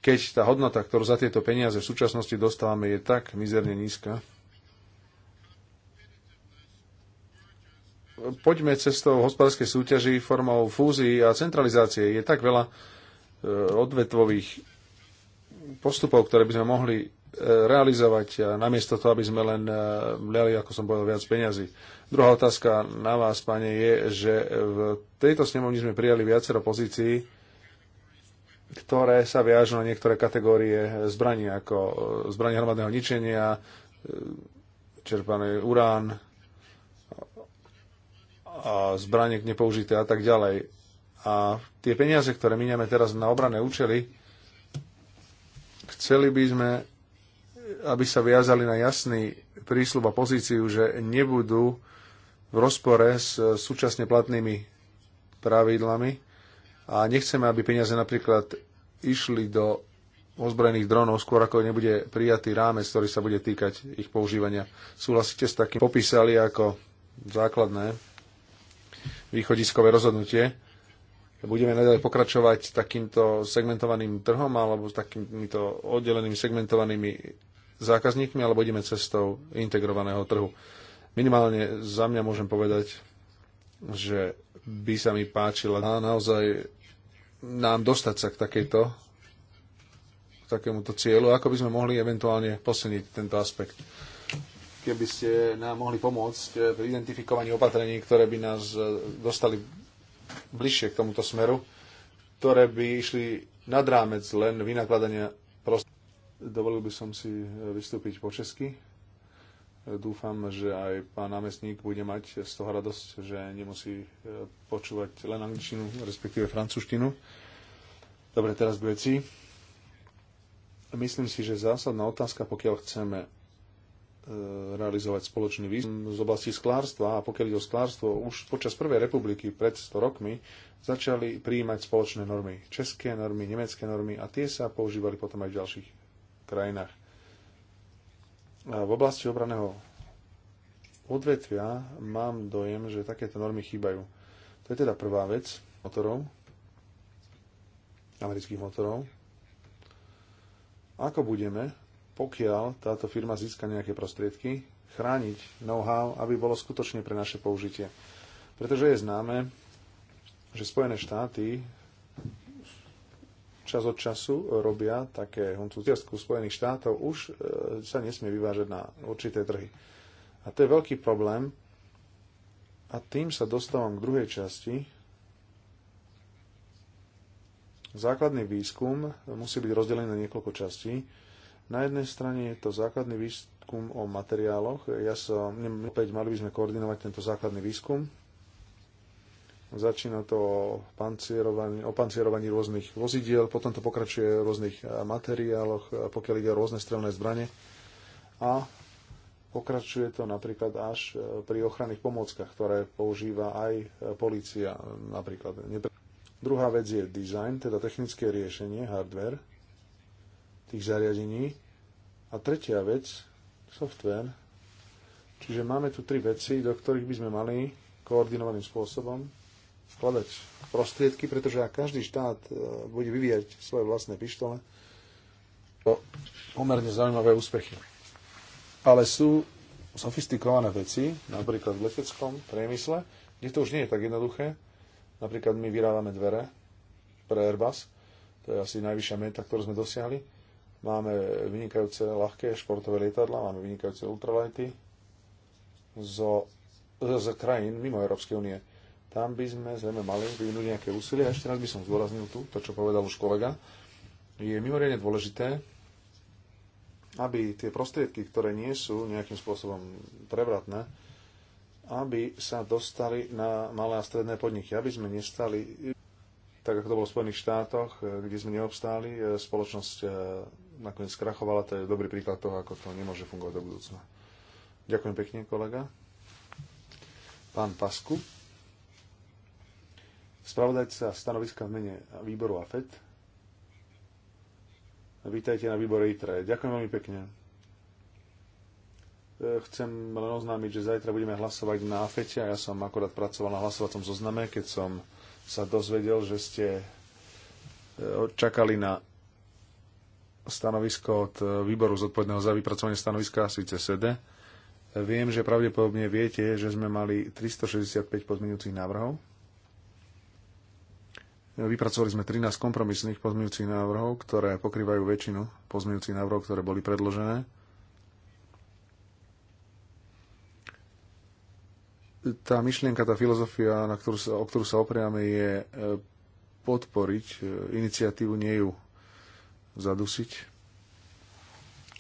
keď tá hodnota, ktorú za tieto peniaze v súčasnosti dostávame, je tak mizerne nízka. poďme cestou hospodárskej súťaži formou fúzií a centralizácie. Je tak veľa e, odvetvových postupov, ktoré by sme mohli e, realizovať, namiesto toho, aby sme len e, mliali, ako som povedal, viac peňazí. Druhá otázka na vás, pane, je, že v tejto snemovni sme prijali viacero pozícií, ktoré sa viažú na niektoré kategórie zbraní, ako zbraní hromadného ničenia, čerpané, urán, a nepoužité a tak ďalej. A tie peniaze, ktoré miniame teraz na obrané účely, chceli by sme, aby sa viazali na jasný prísľub a pozíciu, že nebudú v rozpore s e, súčasne platnými pravidlami a nechceme, aby peniaze napríklad išli do ozbrojených dronov, skôr ako nebude prijatý rámec, ktorý sa bude týkať ich používania. Súhlasíte s takým popísali ako základné východiskové rozhodnutie. Budeme naďalej pokračovať takýmto segmentovaným trhom alebo s takýmito oddelenými segmentovanými zákazníkmi alebo ideme cestou integrovaného trhu. Minimálne za mňa môžem povedať, že by sa mi páčila na, naozaj nám dostať sa k takejto k takémuto cieľu, ako by sme mohli eventuálne posilniť tento aspekt keby ste nám mohli pomôcť eh, pri identifikovaní opatrení, ktoré by nás eh, dostali bližšie k tomuto smeru, ktoré by išli nad rámec len vynakladania prost... Dovolil by som si eh, vystúpiť po česky. Dúfam, že aj pán námestník bude mať z toho radosť, že nemusí počúvať len angličtinu, respektíve francúzštinu. Dobre, teraz k veci. Myslím si, že zásadná otázka, pokiaľ chceme E, realizovať spoločný výskum z oblasti sklárstva a pokiaľ ide o sklárstvo, už počas Prvej republiky pred 100 rokmi začali prijímať spoločné normy. České normy, nemecké normy a tie sa používali potom aj v ďalších krajinách. A v oblasti obraného odvetvia mám dojem, že takéto normy chýbajú. To je teda prvá vec motorov, amerických motorov. Ako budeme pokiaľ táto firma získa nejaké prostriedky, chrániť know-how, aby bolo skutočne pre naše použitie. Pretože je známe, že Spojené štáty čas od času robia také huncúciarskú Spojených štátov, už e, sa nesmie vyvážať na určité trhy. A to je veľký problém. A tým sa dostávam k druhej časti. Základný výskum musí byť rozdelený na niekoľko častí na jednej strane je to základný výskum o materiáloch. Ja sa, opäť mali by sme koordinovať tento základný výskum. Začína to o pancierovaní, o pancierovaní rôznych vozidiel, potom to pokračuje o rôznych eh, materiáloch, eh, pokiaľ ide o rôzne strelné zbranie. A pokračuje to napríklad až eh, pri ochranných pomôckach, ktoré používa aj polícia napríklad. Druhá vec je design, teda technické riešenie, hardware tých zariadení. A tretia vec, software. Čiže máme tu tri veci, do ktorých by sme mali koordinovaným spôsobom vkladať prostriedky, pretože ak každý štát e, bude vyvíjať svoje vlastné pištole, to pomerne zaujímavé úspechy. Ale sú sofistikované veci, napríklad v leteckom priemysle, kde to už nie je tak jednoduché. Napríklad my vyrábame dvere pre Airbus, to je asi najvyššia meta, ktorú sme dosiahli Máme vynikajúce ľahké športové lietadla, máme vynikajúce ultralighty zo, zo, zo krajín mimo Európskej únie. Tam by sme zrejme mali vyvinúť nejaké úsilie. A ešte raz by som zdôraznil tu, to, čo povedal už kolega. Je mimoriadne dôležité, aby tie prostriedky, ktoré nie sú nejakým spôsobom prevratné, aby sa dostali na malé a stredné podniky, aby sme nestali, tak ako to bolo v Spojených štátoch, kde sme neobstáli, e, spoločnosť e, nakoniec skrachovala, to je dobrý príklad toho, ako to nemôže fungovať do budúcna. Ďakujem pekne, kolega. Pán Pasku. Spravodajca stanoviska v mene výboru AFET. Vítajte na výbore ITRE. Ďakujem veľmi pekne. E, chcem len oznámiť, že zajtra budeme hlasovať na AFETE a ja som akorát pracoval na hlasovacom zozname, keď som sa dozvedel, že ste e, čakali na stanovisko od e, výboru zodpovedného za vypracovanie stanoviska, síce SEDE. Viem, že pravdepodobne viete, že sme mali 365 pozmeňujúcich návrhov. E, vypracovali sme 13 kompromisných pozmeňujúcich návrhov, ktoré pokrývajú väčšinu pozmeňujúcich návrhov, ktoré boli predložené. Tá myšlienka, tá filozofia, na ktorú sa, o ktorú sa opriame, je e, podporiť iniciatívu, nie ju zadusiť.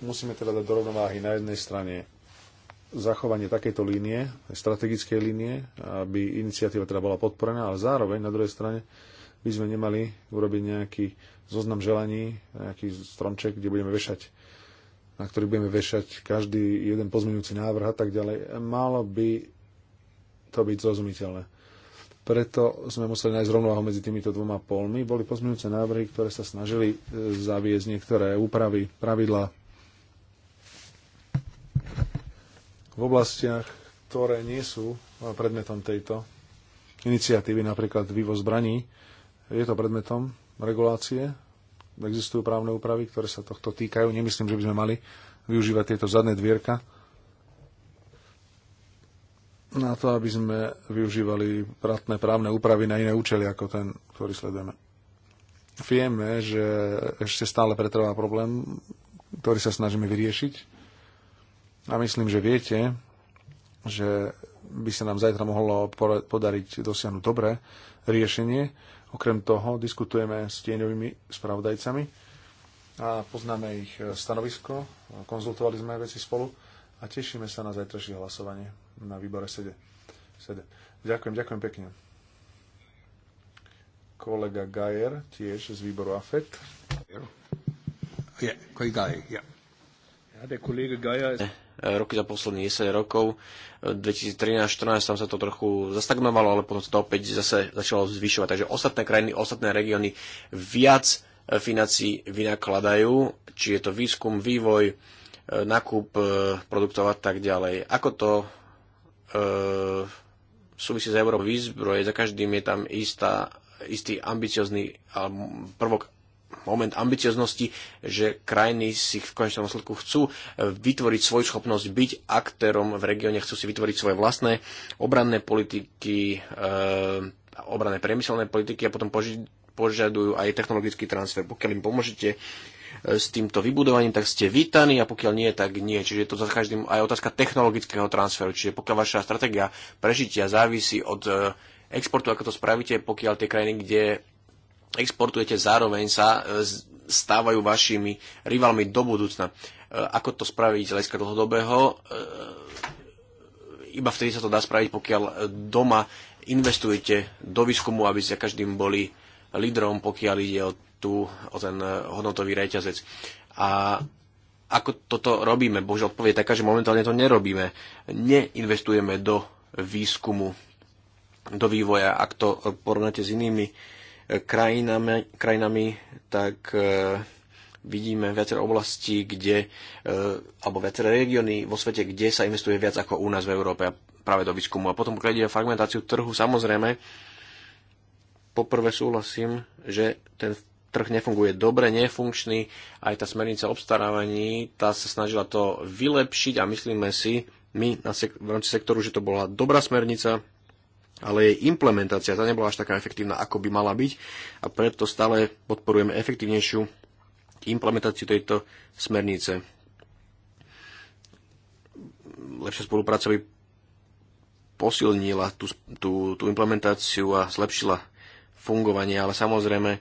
Musíme teda dať do rovnováhy na jednej strane zachovanie takejto línie, strategickej línie, aby iniciatíva teda bola podporená, ale zároveň na druhej strane by sme nemali urobiť nejaký zoznam želaní, nejaký stromček, kde budeme vešať, na ktorý budeme vešať každý jeden pozmeňujúci návrh a tak ďalej. Malo by to byť zrozumiteľné. Preto sme museli nájsť rovnováhu medzi týmito dvoma polmi. Boli pozmeňujúce návrhy, ktoré sa snažili e, zaviesť niektoré úpravy, pravidlá v oblastiach, ktoré nie sú e, predmetom tejto iniciatívy, napríklad vývoz zbraní. Je to predmetom regulácie. Existujú právne úpravy, ktoré sa tohto týkajú. Nemyslím, že by sme mali využívať tieto zadné dvierka na to, aby sme využívali pratné právne úpravy na iné účely ako ten, ktorý sledujeme. Vieme, že ešte stále pretrvá problém, ktorý sa snažíme vyriešiť. A myslím, že viete, že by sa nám zajtra mohlo podariť dosiahnuť dobré riešenie. Okrem toho diskutujeme s tieňovými spravodajcami a poznáme ich stanovisko, konzultovali sme veci spolu a tešíme sa na zajtrajšie hlasovanie na výbore sede. sede. Ďakujem, ďakujem pekne. Kolega Gajer, tiež z výboru AFET. ja. Ja, eh, roky za posledných 10 rokov. 2013-2014 eh, tam sa to trochu zastagnovalo, ale potom sa to opäť zase začalo zvyšovať. Takže ostatné krajiny, ostatné regióny viac eh, financí vynakladajú, či je to výskum, vývoj, nákup produktov a tak ďalej. Ako to E, súvisí s Európou výzbroje, za každým je tam istá, istý ambiciozný prvok moment ambicioznosti, že krajiny si v konečnom sledku chcú e, vytvoriť svoju schopnosť byť aktérom v regióne, chcú si vytvoriť svoje vlastné obranné politiky, e, obranné priemyselné politiky a potom požiadujú požadujú aj technologický transfer. Pokiaľ im pomôžete s týmto vybudovaním, tak ste vítaní a pokiaľ nie, tak nie. Čiže je to za každým aj otázka technologického transferu. Čiže pokiaľ vaša stratégia prežitia závisí od e, exportu, ako to spravíte, pokiaľ tie krajiny, kde exportujete, zároveň sa e, stávajú vašimi rivalmi do budúcna. E, ako to spraviť z hľadiska dlhodobého? Iba vtedy sa to dá spraviť, pokiaľ doma investujete do výskumu, aby ste každým boli lídrom, pokiaľ ide o, tú, o ten eh, hodnotový reťazec. A ako toto robíme? Bože, odpovie je taká, že momentálne to nerobíme. Neinvestujeme do výskumu, do vývoja. Ak to eh, porovnáte s inými eh, krajinami, krajinami tak vidíme viaceré oblastí, kde, alebo viaceré regióny vo svete, kde sa investuje viac ako u nás v Európe práve do výskumu. A potom, keď ide o fragmentáciu trhu, samozrejme, Poprvé súhlasím, že ten trh nefunguje dobre, nefunkčný, aj tá smernica obstarávaní, tá sa snažila to vylepšiť a myslíme si, my na sek- v rámci sektoru, že to bola dobrá smernica, ale jej implementácia tá nebola až taká efektívna, ako by mala byť a preto stále podporujeme efektívnejšiu implementáciu tejto smernice. Lepšia spolupráca by posilnila tú, tú, tú implementáciu a zlepšila fungovanie, ale samozrejme e,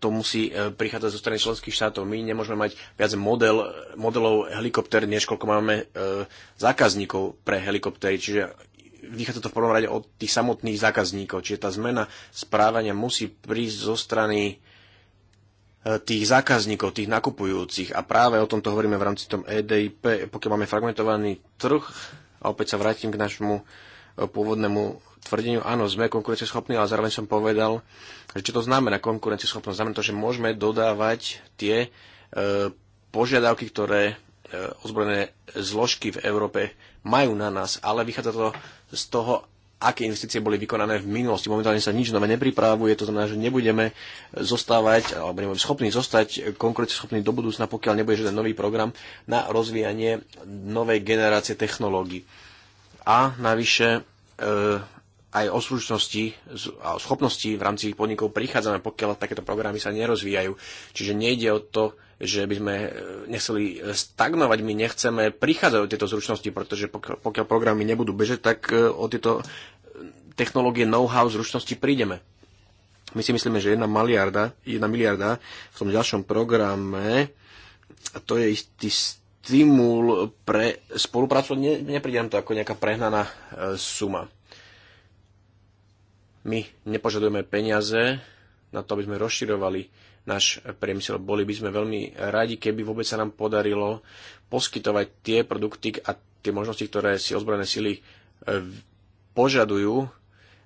to musí e, prichádzať zo strany členských štátov. My nemôžeme mať viac model, modelov helikopter, než koľko máme e, zákazníkov pre helikoptery. Čiže vychádza to v prvom rade od tých samotných zákazníkov. Čiže tá zmena správania musí prísť zo strany tých zákazníkov, tých nakupujúcich. A práve o tomto hovoríme v rámci tom EDIP, pokiaľ máme fragmentovaný trh, a opäť sa vrátim k našemu pôvodnému tvrdeniu, áno, sme konkurencieschopní, ale zároveň som povedal, že čo to znamená konkurencieschopnosť. Znamená to, že môžeme dodávať tie e, požiadavky, ktoré e, ozbrojené zložky v Európe majú na nás, ale vychádza to z toho, aké investície boli vykonané v minulosti. Momentálne sa nič nové nepripravuje, to znamená, že nebudeme zostávať, alebo nebudeme schopní zostať konkurencieschopní do budúcna, pokiaľ nebude žiaden nový program na rozvíjanie novej generácie technológií a navyše e, aj o slušnosti a o schopnosti v rámci ich podnikov prichádzame, pokiaľ takéto programy sa nerozvíjajú. Čiže nejde o to, že by sme e, nechceli stagnovať, my nechceme prichádzať o tieto zručnosti, pretože pokiaľ programy nebudú bežať, tak e, o tieto technológie know-how zručnosti prídeme. My si myslíme, že jedna miliarda, jedna miliarda v tom ďalšom programe, a to je istý stimul pre spoluprácu, ne, nepríde nám to ako nejaká prehnaná e, suma. My nepožadujeme peniaze na to, aby sme rozširovali náš priemysel. Boli by sme veľmi radi, keby vôbec sa nám podarilo poskytovať tie produkty a tie možnosti, ktoré si ozbrojené sily e, požadujú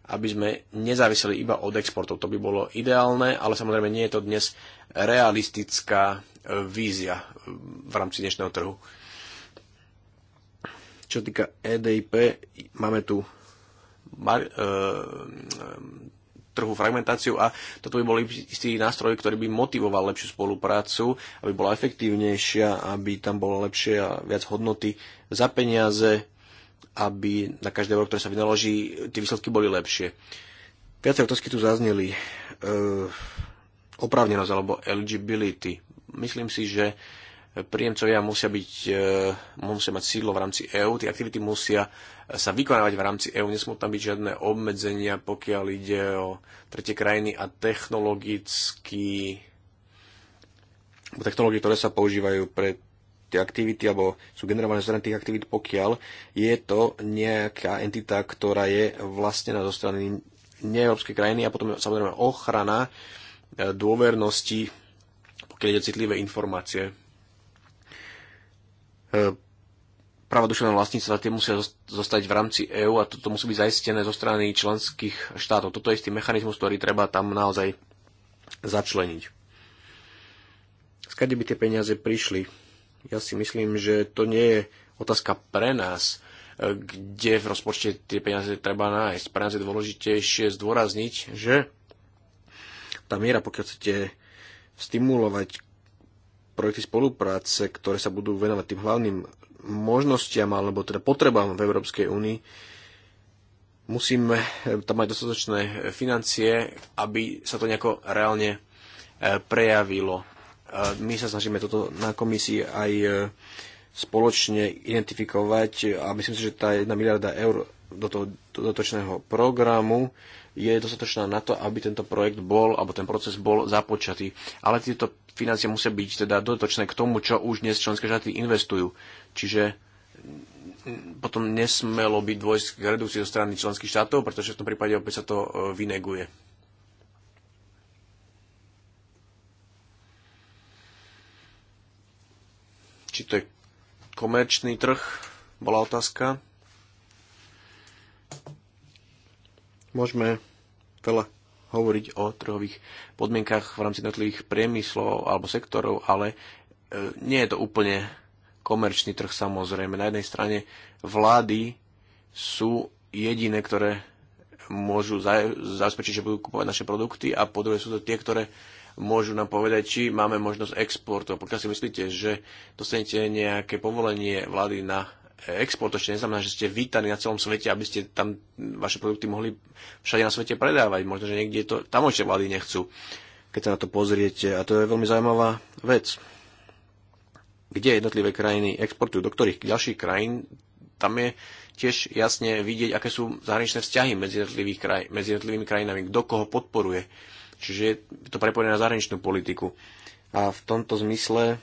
aby sme nezáviseli iba od exportov. To by bolo ideálne, ale samozrejme nie je to dnes realistická e, vízia e, v rámci dnešného trhu. Čo týka EDIP, máme tu mar- e, e, trhu fragmentáciu a toto by bol istý nástroj, ktorý by motivoval lepšiu spoluprácu, aby bola efektívnejšia, aby tam bolo lepšie a viac hodnoty za peniaze, aby na každé euro, ktoré sa vynaloží, tie výsledky boli lepšie. Viacej otázky tu zazneli. E, oprávnenosť alebo eligibility. Myslím si, že príjemcovia musia, byť, e, musia mať sídlo v rámci EÚ, tie aktivity musia sa vykonávať v rámci EÚ, nesmú tam byť žiadne obmedzenia, pokiaľ ide o tretie krajiny a technologicky, technológie, ktoré sa používajú pre tie aktivity alebo sú generované zo tých aktivít, pokiaľ je to nejaká entita, ktorá je vlastnená zo strany neeurópskej krajiny a potom samozrejme ochrana e, dôvernosti, pokiaľ ide citlivé informácie. E, práva duševného vlastníctva tie musia zostať v rámci EÚ a toto musí byť zaistené zo strany členských štátov. Toto je istý mechanizmus, ktorý treba tam naozaj začleniť. Skade by tie peniaze prišli? Ja si myslím, že to nie je otázka pre nás, eh, kde v rozpočte tie peniaze treba nájsť. Pre nás je dôležitejšie zdôrazniť, že tá miera, pokiaľ chcete stimulovať projekty spolupráce, ktoré sa budú venovať tým hlavným možnostiam alebo teda potrebám v Európskej únii, musíme eh, tam mať dostatočné financie, aby sa to nejako reálne eh, prejavilo. My sa snažíme toto na komisii aj e, spoločne identifikovať a myslím si, že tá 1 miliarda eur do toho dotočného programu je dostatočná na to, aby tento projekt bol, alebo ten proces bol započatý. Ale tieto financie musia byť teda dotočné k tomu, čo už dnes členské štáty investujú. Čiže potom nesmelo byť dôjsť k redukcii zo strany členských štátov, pretože v tom prípade opäť sa to e, vyneguje. to je komerčný trh, bola otázka. Môžeme veľa hovoriť o trhových podmienkach v rámci jednotlivých priemyslov alebo sektorov, ale e, nie je to úplne komerčný trh samozrejme. Na jednej strane vlády sú jediné, ktoré môžu zabezpečiť, že budú kupovať naše produkty a po druhé sú to tie, ktoré môžu nám povedať, či máme možnosť exportu. Pokiaľ si myslíte, že dostanete nejaké povolenie vlády na export, to ešte neznamená, že ste vítaní na celom svete, aby ste tam vaše produkty mohli všade na svete predávať. Možno, že niekde to tam ešte vlády nechcú, keď sa na to pozriete. A to je veľmi zaujímavá vec. Kde jednotlivé krajiny exportujú, do ktorých ďalších krajín, tam je tiež jasne vidieť, aké sú zahraničné vzťahy medzi, medzi jednotlivými krajinami, kto koho podporuje Čiže je to prepojené na zahraničnú politiku. A v tomto zmysle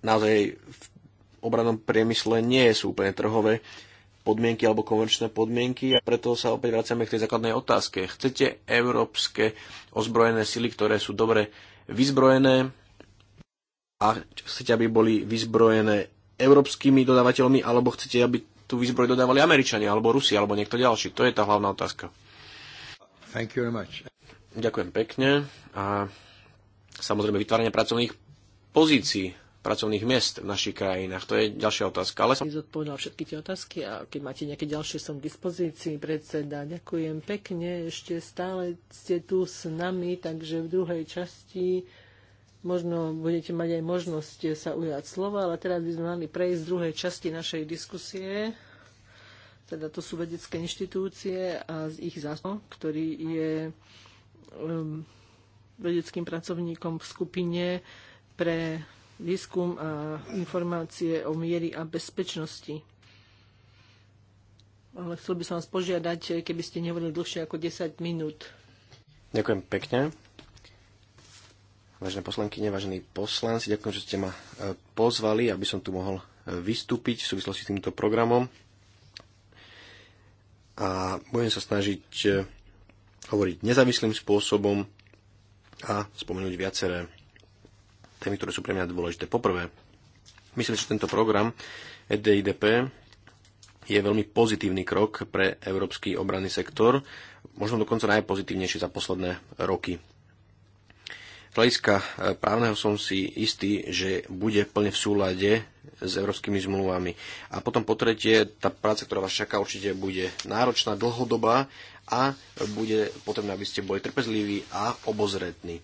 naozaj v obranom priemysle nie sú úplne trhové podmienky alebo komerčné podmienky a preto sa opäť vraciame k tej základnej otázke. Chcete európske ozbrojené sily, ktoré sú dobre vyzbrojené a chcete, aby boli vyzbrojené európskymi dodávateľmi alebo chcete, aby tú výzbroj dodávali Američania alebo Rusi alebo niekto ďalší? To je tá hlavná otázka. Thank you very much. Ďakujem pekne a samozrejme vytváranie pracovných pozícií pracovných miest v našich krajinách. To je ďalšia otázka. Ale som... Zodpovedal všetky tie otázky a keď máte nejaké ďalšie, som k dispozícii, predseda. Ďakujem pekne, ešte stále ste tu s nami, takže v druhej časti možno budete mať aj možnosť sa ujať slova, ale teraz by sme mali prejsť z druhej časti našej diskusie. Teda to sú vedecké inštitúcie a z ich zásob, ktorý je Um, vedeckým pracovníkom v skupine pre výskum a informácie o miery a bezpečnosti. Ale chcel by som vás požiadať, keby ste nehovorili dlhšie ako 10 minút. Ďakujem pekne. Vážené poslanky, nevážení poslanci, ďakujem, že ste ma e, pozvali, aby som tu mohol e, vystúpiť v súvislosti s týmto programom. A budem sa snažiť e, hovoriť nezávislým spôsobom a spomenúť viaceré témy, ktoré sú pre mňa dôležité. Poprvé, myslím, že tento program EDIDP je veľmi pozitívny krok pre európsky obranný sektor, možno dokonca najpozitívnejší za posledné roky hľadiska e, právneho som si istý, že bude plne v súlade s európskymi zmluvami. A potom po tretie, tá práca, ktorá vás čaká, určite bude náročná, dlhodobá a bude potrebné, aby ste boli trpezliví a obozretní.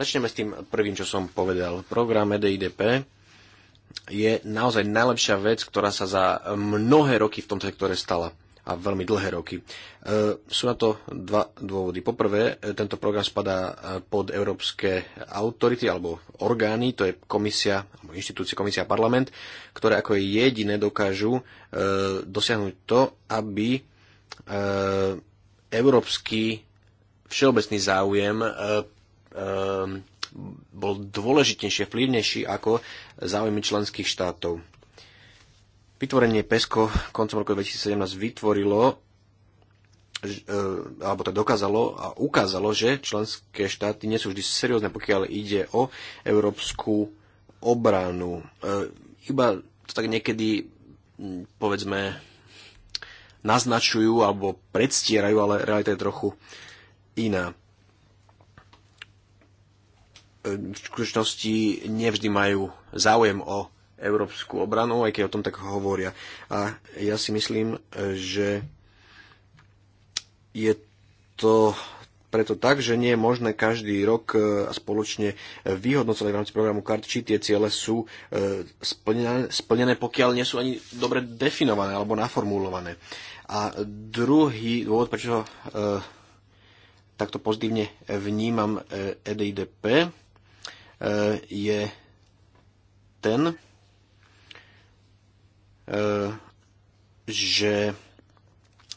Začneme s tým prvým, čo som povedal. Program EDIDP je naozaj najlepšia vec, ktorá sa za mnohé roky v tom sektore stala a veľmi dlhé roky. E, sú na to dva dôvody. Poprvé, e, tento program spadá e, pod európske autority alebo orgány, to je komisia, alebo inštitúcia komisia a parlament, ktoré ako jediné dokážu dosiahnuť to, aby európsky všeobecný záujem bol dôležitejšie, vplyvnejší ako záujmy členských štátov. Vytvorenie PESCO koncom roku 2017 vytvorilo e, alebo to dokázalo a ukázalo, že členské štáty nie sú vždy seriózne, pokiaľ ide o európsku obranu. E, iba to tak niekedy, povedzme, naznačujú alebo predstierajú, ale realita je trochu iná. E, v skutočnosti nevždy majú záujem o európsku obranu, aj keď o tom tak hovoria. A ja si myslím, že je to preto tak, že nie je možné každý rok e, spoločne vyhodnocovať v rámci programu KART, či tie ciele sú e, splnené, splnené, pokiaľ nie sú ani dobre definované alebo naformulované. A druhý dôvod, prečo e, takto pozitívne vnímam EDIDP, je ten, E, že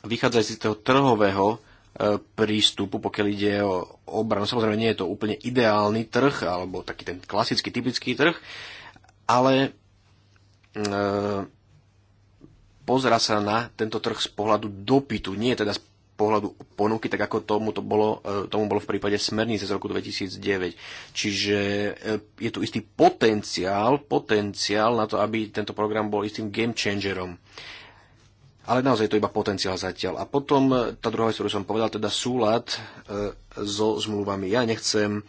vychádzajú z toho trhového e, prístupu, pokiaľ ide o obranu. Samozrejme, nie je to úplne ideálny trh, alebo taký ten klasický, typický trh, ale e, pozera sa na tento trh z pohľadu dopytu, nie teda z pohľadu ponuky, tak ako tomu, to bolo, e, tomu bolo v prípade smernice z roku 2009. Čiže e, je tu istý potenciál, potenciál na to, aby tento program bol istým game changerom. Ale naozaj je to iba potenciál zatiaľ. A potom e, tá druhá vec, ktorú som povedal, teda súlad so zmluvami. Ja nechcem,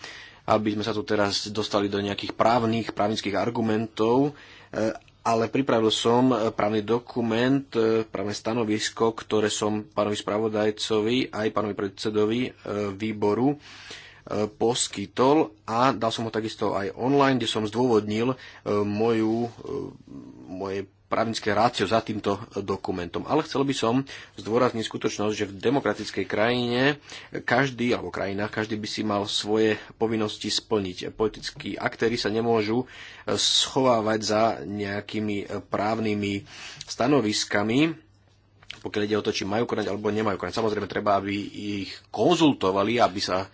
aby sme sa tu teraz dostali do nejakých právnych, právnických argumentov, ale pripravil som eh, právny dokument, eh, právne stanovisko, ktoré som pánovi spravodajcovi aj pánovi predsedovi eh, výboru poskytol a dal som ho takisto aj online, kde som zdôvodnil moju, moje právnické rácio za týmto dokumentom. Ale chcel by som zdôrazniť skutočnosť, že v demokratickej krajine každý, alebo krajina, každý by si mal svoje povinnosti splniť. Politickí aktéry sa nemôžu schovávať za nejakými právnymi stanoviskami, pokiaľ ide o to, či majú konať alebo nemajú konať. Samozrejme, treba, aby ich konzultovali, aby, sa,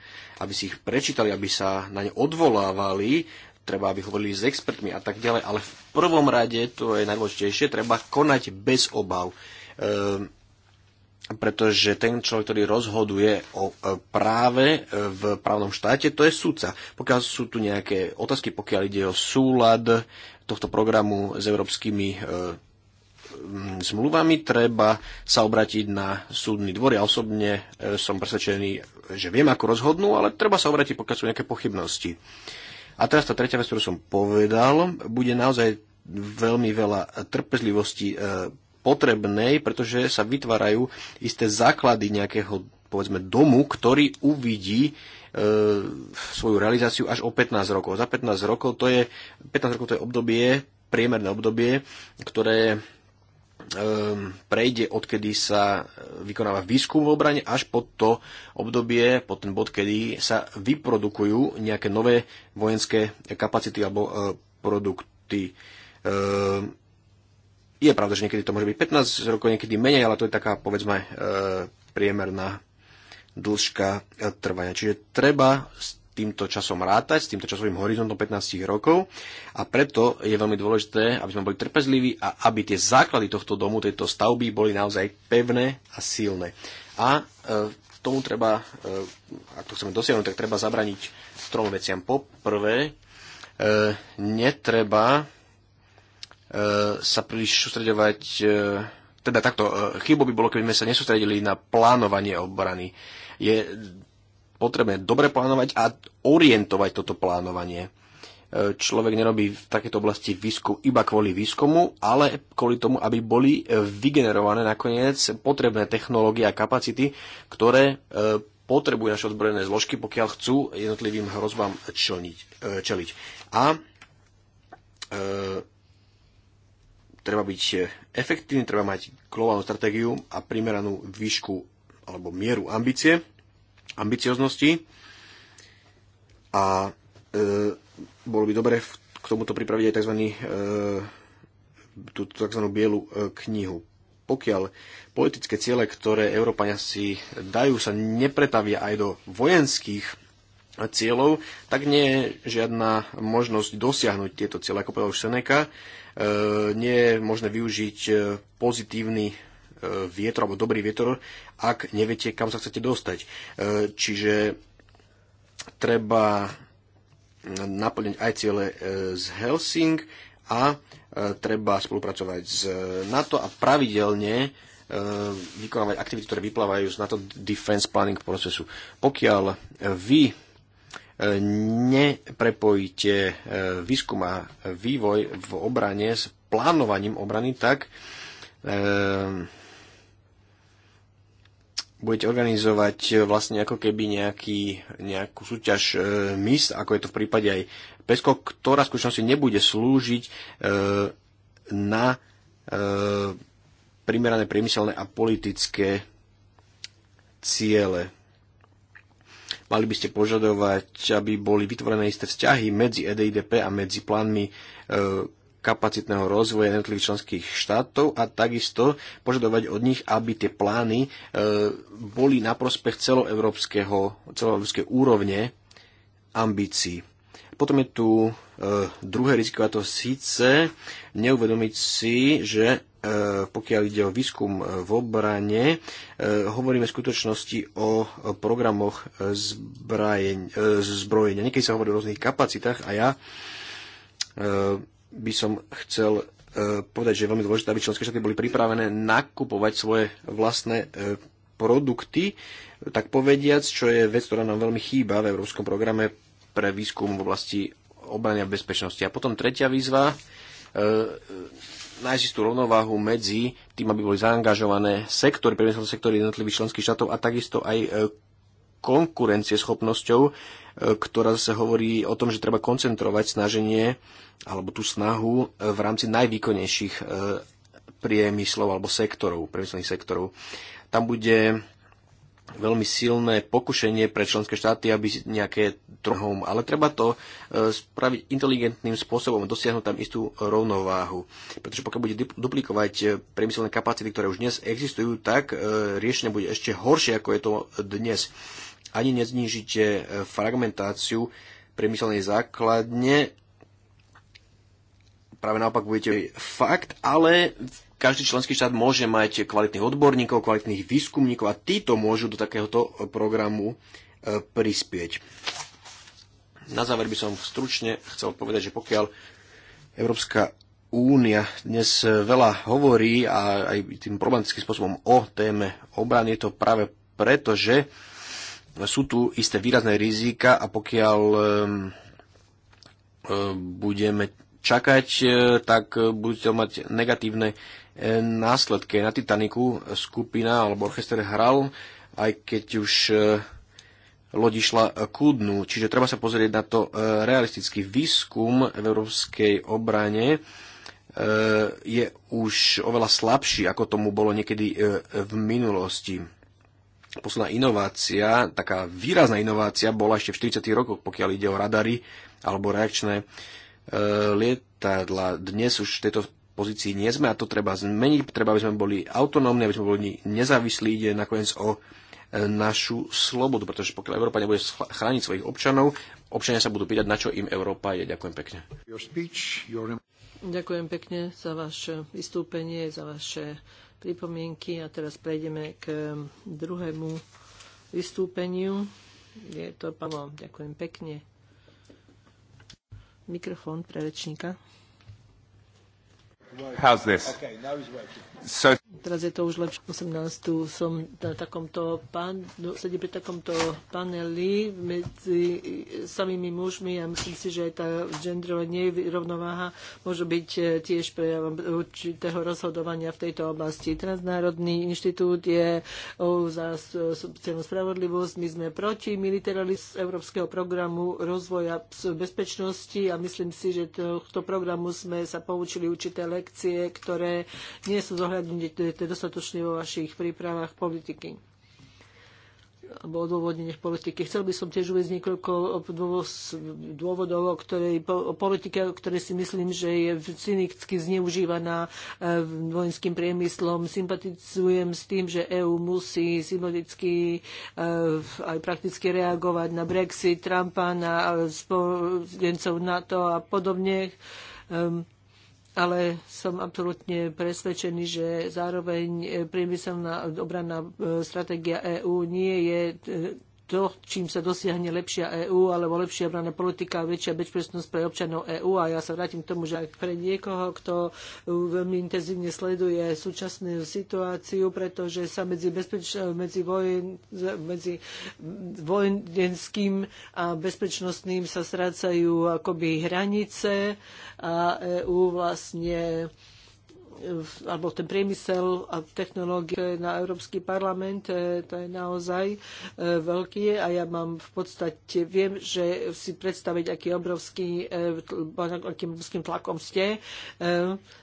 aby si ich prečítali, aby sa na ne odvolávali, treba, aby hovorili s expertmi a tak ďalej, ale v prvom rade, to je najdôležitejšie, treba konať bez obav. E, pretože ten človek, ktorý rozhoduje o e, práve e, v právnom štáte, to je súdca. Pokiaľ sú tu nejaké otázky, pokiaľ ide o súlad tohto programu s európskymi e, mm, zmluvami, treba sa obratiť na súdny dvor. Ja osobne e, som presvedčený, že viem, ako rozhodnú, ale treba sa obratiť, pokiaľ sú nejaké pochybnosti. E, a teraz tá tretia vec, ktorú som povedal, bude naozaj veľmi veľa trpezlivosti e, potrebnej, pretože sa vytvárajú isté základy nejakého povedzme domu, ktorý uvidí e, svoju realizáciu až o 15 rokov. Za 15 rokov to je, 15 rokov to je obdobie, priemerné obdobie, ktoré Ehm, prejde, odkedy sa e, vykonáva výskum v obrane, až po to obdobie, po ten bod, kedy sa vyprodukujú nejaké nové vojenské kapacity alebo e, produkty. Ehm, je pravda, že niekedy to môže byť 15 rokov, niekedy menej, ale to je taká, povedzme, e, priemerná dĺžka trvania. Čiže treba s týmto časom rátať, s týmto časovým horizontom 15 rokov a preto je veľmi dôležité, aby sme boli trpezliví a aby tie základy tohto domu, tejto stavby boli naozaj pevné a silné. A e, tomu treba, e, ak to chceme dosiahnuť, tak treba zabraniť trom veciam. Po prvé, e, netreba sa príliš sústredovať, teda takto, chybo by bolo, keby sme sa nesústredili na plánovanie obrany. Je potrebné dobre plánovať a orientovať toto plánovanie. E, človek nerobí v takéto oblasti výskum iba kvôli výskumu, ale kvôli tomu, aby boli e, vygenerované nakoniec potrebné technológie a kapacity, ktoré e, potrebujú naše odbrojené zložky, pokiaľ chcú jednotlivým hrozbám čelniť, čeliť. A e, treba byť efektívny, treba mať globálnu stratégiu a primeranú výšku alebo mieru ambície ambicioznosti a e, bolo by dobre k tomuto pripraviť aj tzv. E, túto tzv. bielu e, knihu. Pokiaľ politické ciele, ktoré Európania si dajú, sa nepretavia aj do vojenských cieľov, tak nie je žiadna možnosť dosiahnuť tieto cieľe. Ako povedal už Seneca, e, nie je možné využiť e, pozitívny E, vietor alebo dobrý vietor, ak neviete, kam sa chcete dostať. E, čiže treba naplniť aj ciele e, z Helsing a treba spolupracovať s NATO a pravidelne vykonávať aktivity, ktoré vyplávajú z NATO Defense Planning procesu. Pokiaľ vy neprepojíte výskum a vývoj v obrane s plánovaním obrany, tak budete organizovať e, vlastne ako keby nejaký, nejakú súťaž e, MIS, ako je to v prípade aj PESCO, ktorá skúšnosť skutočnosti nebude slúžiť e, na e, primerané priemyselné a politické ciele. Mali by ste požadovať, aby boli vytvorené isté vzťahy medzi EDIDP a medzi plánmi e, kapacitného rozvoja jednotlivých členských štátov a takisto požadovať od nich, aby tie plány e, boli na prospech celoeurópskeho, celoeurópskej úrovne ambícií. Potom je tu e, druhé riziko a to síce neuvedomiť si, že e, pokiaľ ide o výskum e, v obrane, e, hovoríme v skutočnosti o programoch zbrojenia. Niekedy sa hovorí o rôznych kapacitách a ja by som chcel e, povedať, že je veľmi dôležité, aby členské štáty boli pripravené nakupovať svoje vlastné e, produkty, tak povediac, čo je vec, ktorá nám veľmi chýba v Európskom programe pre výskum v oblasti obrany a bezpečnosti. A potom tretia výzva, e, nájsť tú rovnováhu medzi tým, aby boli zaangažované sektory, priemyselné sektory jednotlivých členských štátov a takisto aj konkurencieschopnosťou, e, ktorá zase hovorí o tom, že treba koncentrovať snaženie alebo tú snahu e, v rámci najvýkonnejších e, priemyslov alebo sektorov, priemyselných sektorov. Tam bude veľmi silné pokušenie pre členské štáty, aby nejaké trhom, ale treba to spraviť inteligentným spôsobom, dosiahnuť tam istú rovnováhu. Pretože pokiaľ bude duplikovať priemyselné kapacity, ktoré už dnes existujú, tak riešenie bude ešte horšie, ako je to dnes ani neznižíte e, fragmentáciu priemyselnej základne. Práve naopak budete fakt, ale každý členský štát môže mať kvalitných odborníkov, kvalitných výskumníkov a títo môžu do takéhoto programu e, prispieť. Na záver by som stručne chcel povedať, že pokiaľ Európska únia dnes veľa hovorí a aj tým problematickým spôsobom o téme obrany, je to práve preto, že sú tu isté výrazné rizika a pokiaľ budeme čakať, eh, tak budete mať negatívne eh, následky. Na Titaniku skupina alebo orchester hral, aj keď už eh, lodi šla ku dnu. Čiže treba sa pozrieť na to realistický výskum v európskej obrane je už oveľa slabší, ako tomu bolo niekedy v minulosti posledná inovácia, taká výrazná inovácia bola ešte v 40. rokoch, pokiaľ ide o radary alebo reakčné e, lietadla. Dnes už v tejto pozícii nie sme a to treba zmeniť. Treba, aby sme boli autonómni, aby sme boli nezávislí. Ide nakoniec o e, našu slobodu, pretože pokiaľ Európa nebude chrániť svojich občanov, občania sa budú pýtať, na čo im Európa je. Ďakujem pekne. Your speech, your... Ďakujem pekne za vaše vystúpenie, za vaše pripomienky a teraz prejdeme k druhému vystúpeniu. Je to Pavlo, ďakujem pekne. Mikrofón pre rečníka. How's this? Okay, so teraz je to už lepšie. 18. som na takomto pan, no, sedím pri takomto paneli medzi samými mužmi a myslím si, že aj tá genderová nerovnováha môže byť e, tiež prejavom určitého rozhodovania v tejto oblasti. Transnárodný inštitút je za sociálnu spravodlivosť. My sme proti militarizmu Európskeho programu rozvoja bezpečnosti a myslím si, že tohto programu sme sa poučili určité lekcie, ktoré nie sú zohľadnené to dostatočne vo vašich prípravách politiky alebo odôvodnenie v politike. Chcel by som tiež uvieť niekoľko dôvodov, o, ktorej, o politike, o ktorej si myslím, že je cynicky zneužívaná e, vojenským priemyslom. Sympatizujem s tým, že EÚ musí symbolicky e, aj prakticky reagovať na Brexit, Trumpa, na e, spojencov NATO a podobne. Ehm, ale som absolútne presvedčený, že zároveň priemyselná obranná e, stratégia EÚ nie je e, to, čím sa dosiahne lepšia EÚ alebo lepšia obranná politika a väčšia bezpečnosť pre občanov EÚ. A ja sa vrátim k tomu, že aj pre niekoho, kto uh, veľmi intenzívne sleduje súčasnú situáciu, pretože sa medzi, bezpeč- medzi, vojen- medzi vojenským a bezpečnostným sa strácajú akoby hranice a EÚ vlastne alebo ten priemysel a technológie na Európsky parlament, eh, to je naozaj eh, veľký a ja mám v podstate, viem, že si predstaviť, aký obrovský, eh, akým obrovským tlakom ste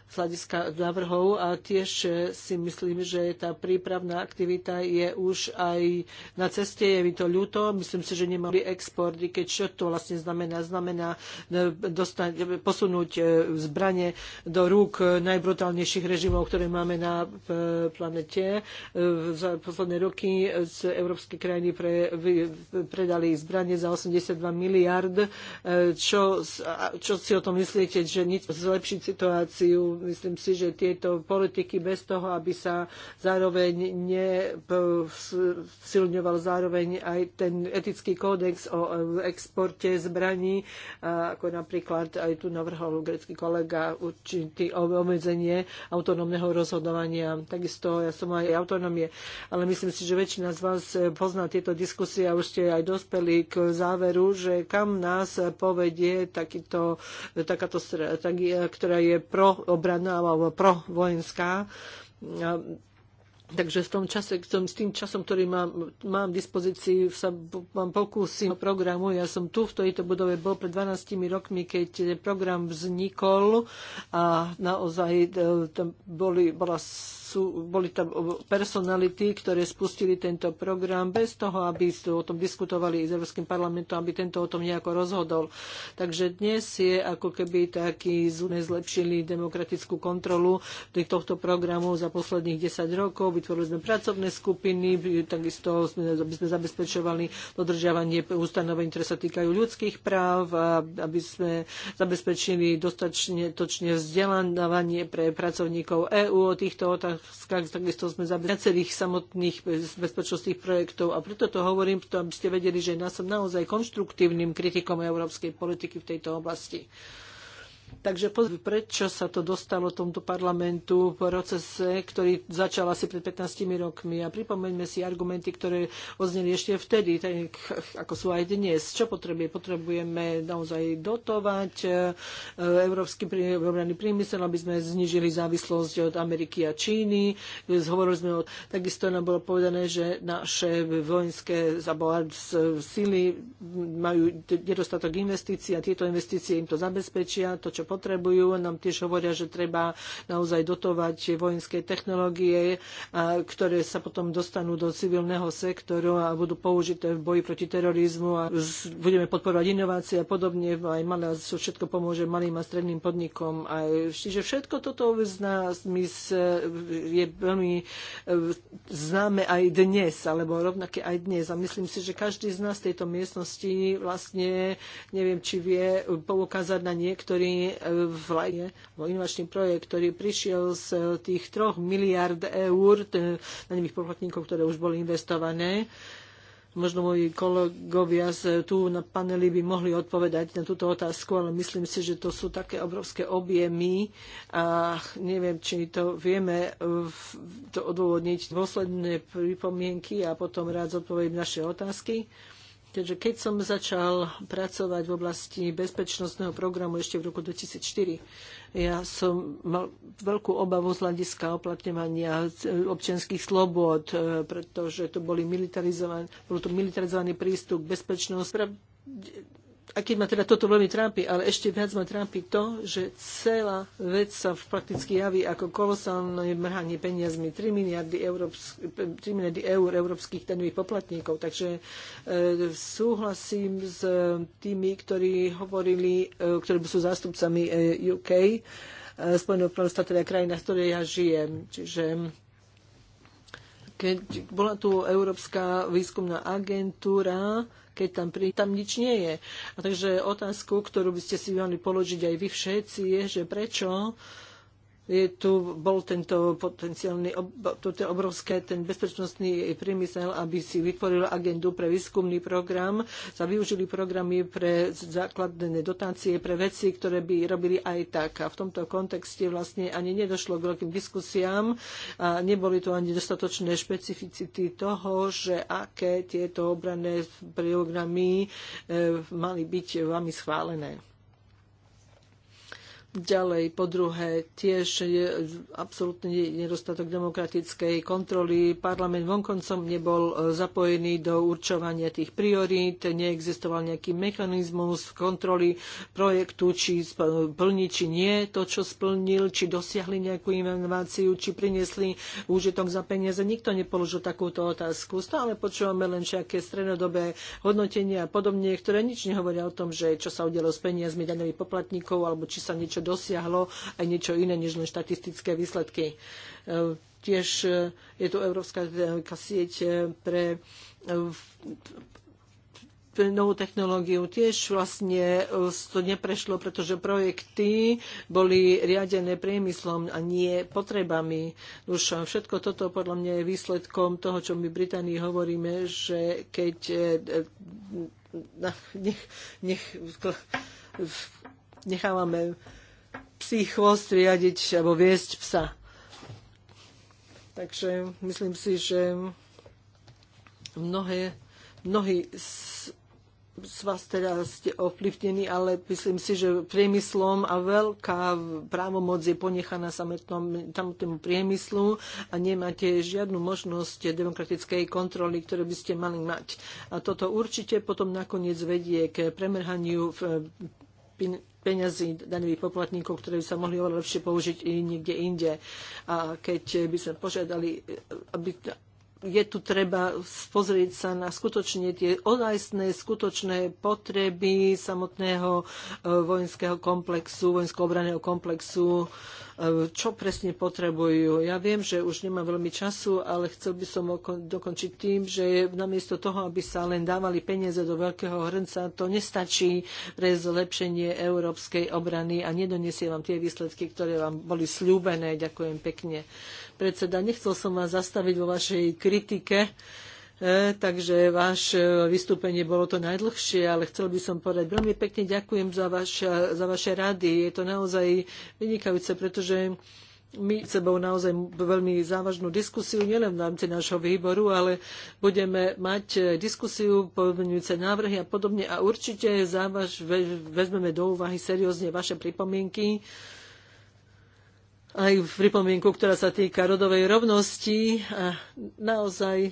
z hľadiska návrhov a tiež eh, si myslím, že tá prípravná aktivita je už aj na ceste, je mi to ľúto. Myslím si, že nemali export, i keď čo to vlastne znamená. Znamená eh, dostať, posunúť eh, zbranie do rúk najbrutálnejších režimov, ktoré máme na planete. Za posledné roky z európskej krajiny pre, predali zbranie za 82 miliard. Čo, čo si o tom myslíte, že nič zlepšiť situáciu Myslím si, že tieto politiky bez toho, aby sa zároveň nesilňoval zároveň aj ten etický kódex o exporte zbraní, ako napríklad aj tu navrhol grecký kolega určitý obmedzenie autonómneho rozhodovania. Takisto ja som aj autonómie, ale myslím si, že väčšina z vás pozná tieto diskusie a už ste aj dospeli k záveru, že kam nás povedie takýto, takáto stratégia, ktorá je pro obranná no, alebo provojenská Takže v tom čase, s tým časom, ktorý mám, mám v dispozícii, sa vám pokúsim programu. Ja som tu v tejto budove bol pred 12 rokmi, keď program vznikol a naozaj e, tam boli, bola, sú, boli tam personality, ktoré spustili tento program bez toho, aby o tom diskutovali s Európskym parlamentom, aby tento o tom nejako rozhodol. Takže dnes je ako keby taký zlepšili demokratickú kontrolu tohto programu za posledných 10 rokov vytvorili sme pracovné skupiny, takisto sme, aby sme zabezpečovali dodržiavanie ustanovení, ktoré sa týkajú ľudských práv, aby sme zabezpečili dostatočne točne vzdelávanie pre pracovníkov EÚ o týchto otázkach, takisto sme zabezpečili celých samotných bezpečnostných projektov a preto to hovorím, to, aby ste vedeli, že ja som naozaj konštruktívnym kritikom európskej politiky v tejto oblasti. Takže prečo sa to dostalo tomto parlamentu v procese, ktorý začal asi pred 15 rokmi. A pripomeňme si argumenty, ktoré ozneli ešte vtedy, tak ako sú aj dnes. Čo potrebuje? Potrebujeme naozaj dotovať e, európsky obranný priemysel, aby sme znižili závislosť od Ameriky a Číny. Zhovorili sme o... Takisto nám bolo povedané, že naše vojenské sily majú nedostatok investícií a tieto investície im to zabezpečia. To, čo potrebujú. Nám tiež hovoria, že treba naozaj dotovať vojenské technológie, ktoré sa potom dostanú do civilného sektoru a budú použité v boji proti terorizmu a budeme podporovať inovácie a podobne. Aj malé všetko pomôže malým a stredným podnikom. Aj, čiže všetko toto z nás my je veľmi e, známe aj dnes, alebo rovnaké aj dnes. A myslím si, že každý z nás v tejto miestnosti vlastne, neviem, či vie poukázať na niektorý inovačný projekt, ktorý prišiel z tých troch miliard eur daňových poplatníkov, ktoré už boli investované. Možno moji kolegovia z, tu na paneli by mohli odpovedať na túto otázku, ale myslím si, že to sú také obrovské objemy a neviem, či to vieme to odôvodniť dôsledné pripomienky a potom rád zodpovedím naše otázky. Keďže keď som začal pracovať v oblasti bezpečnostného programu ešte v roku 2004, ja som mal veľkú obavu z hľadiska oplatňovania e, občianských slobod, e, pretože to boli militarizovaný, bol to militarizovaný prístup bezpečnosti a keď ma teda toto veľmi trápi, ale ešte viac ma trápi to, že celá vec sa prakticky javí ako kolosálne mrhanie peniazmi 3 miliardy, európsk, 3 miliardy eur európskych daňových poplatníkov. Takže e, súhlasím s tými, ktorí hovorili, e, ktorí sú zástupcami e, UK, e, Spojeného kráľovstva, teda krajina, v ktorej ja žijem. Čiže keď bola tu Európska výskumná agentúra, keď tam, pri, tam nič nie je. A takže otázku, ktorú by ste si mali položiť aj vy všetci, je, že prečo je tu bol tento potenciálny, toto obrovské, ten bezpečnostný priemysel, aby si vytvoril agendu pre výskumný program, sa využili programy pre základné dotácie, pre veci, ktoré by robili aj tak. A v tomto kontexte vlastne ani nedošlo k veľkým diskusiám a neboli tu ani dostatočné špecificity toho, že aké tieto obranné programy eh, mali byť vami schválené. Ďalej, po druhé, tiež je absolútny nedostatok demokratickej kontroly. Parlament vonkoncom nebol e, zapojený do určovania tých priorít, neexistoval nejaký mechanizmus kontroly projektu, či splní, či nie to, čo splnil, či dosiahli nejakú inováciu, či priniesli úžitok za peniaze. Nikto nepoložil takúto otázku. Stále počúvame len všaké strednodobé hodnotenia a podobne, ktoré nič nehovoria o tom, že čo sa udialo s peniazmi daňových poplatníkov alebo či sa niečo dosiahlo aj niečo iné než len štatistické výsledky. Tiež je tu Európska sieť pre novú technológiu tiež vlastne to neprešlo, pretože projekty boli riadené priemyslom a nie potrebami. Už všetko toto podľa mňa je výsledkom toho, čo my v Británii hovoríme, že keď nech, nech, nechávame psí chvost riadiť alebo viesť psa. Takže myslím si, že mnohé, mnohí z, z vás teraz ste ovplyvnení, ale myslím si, že priemyslom a veľká právomoc je ponechaná samotnému tamtému priemyslu a nemáte žiadnu možnosť demokratickej kontroly, ktoré by ste mali mať. A toto určite potom nakoniec vedie k premrhaniu v, v peňazí daňových poplatníkov, ktoré by sa mohli oveľa lepšie použiť i niekde inde. A keď by sme požiadali, aby, je tu treba pozrieť sa na skutočne tie odajstné, skutočné potreby samotného e, vojenského komplexu, vojensko-obraného komplexu, e, čo presne potrebujú. Ja viem, že už nemám veľmi času, ale chcel by som dokončiť tým, že namiesto toho, aby sa len dávali peniaze do veľkého hrnca, to nestačí pre zlepšenie európskej obrany a nedonesie vám tie výsledky, ktoré vám boli slúbené. Ďakujem pekne predseda. Nechcel som vás zastaviť vo vašej kritike, e, takže váš e, vystúpenie bolo to najdlhšie, ale chcel by som povedať veľmi pekne ďakujem za, vaš, za vaše rady. Je to naozaj vynikajúce, pretože my sebou naozaj veľmi závažnú diskusiu, nielen v rámci nášho výboru, ale budeme mať e, diskusiu, podmenujúce návrhy a podobne a určite závaž, vezmeme do úvahy seriózne vaše pripomienky aj v pripomienku, ktorá sa týka rodovej rovnosti. A naozaj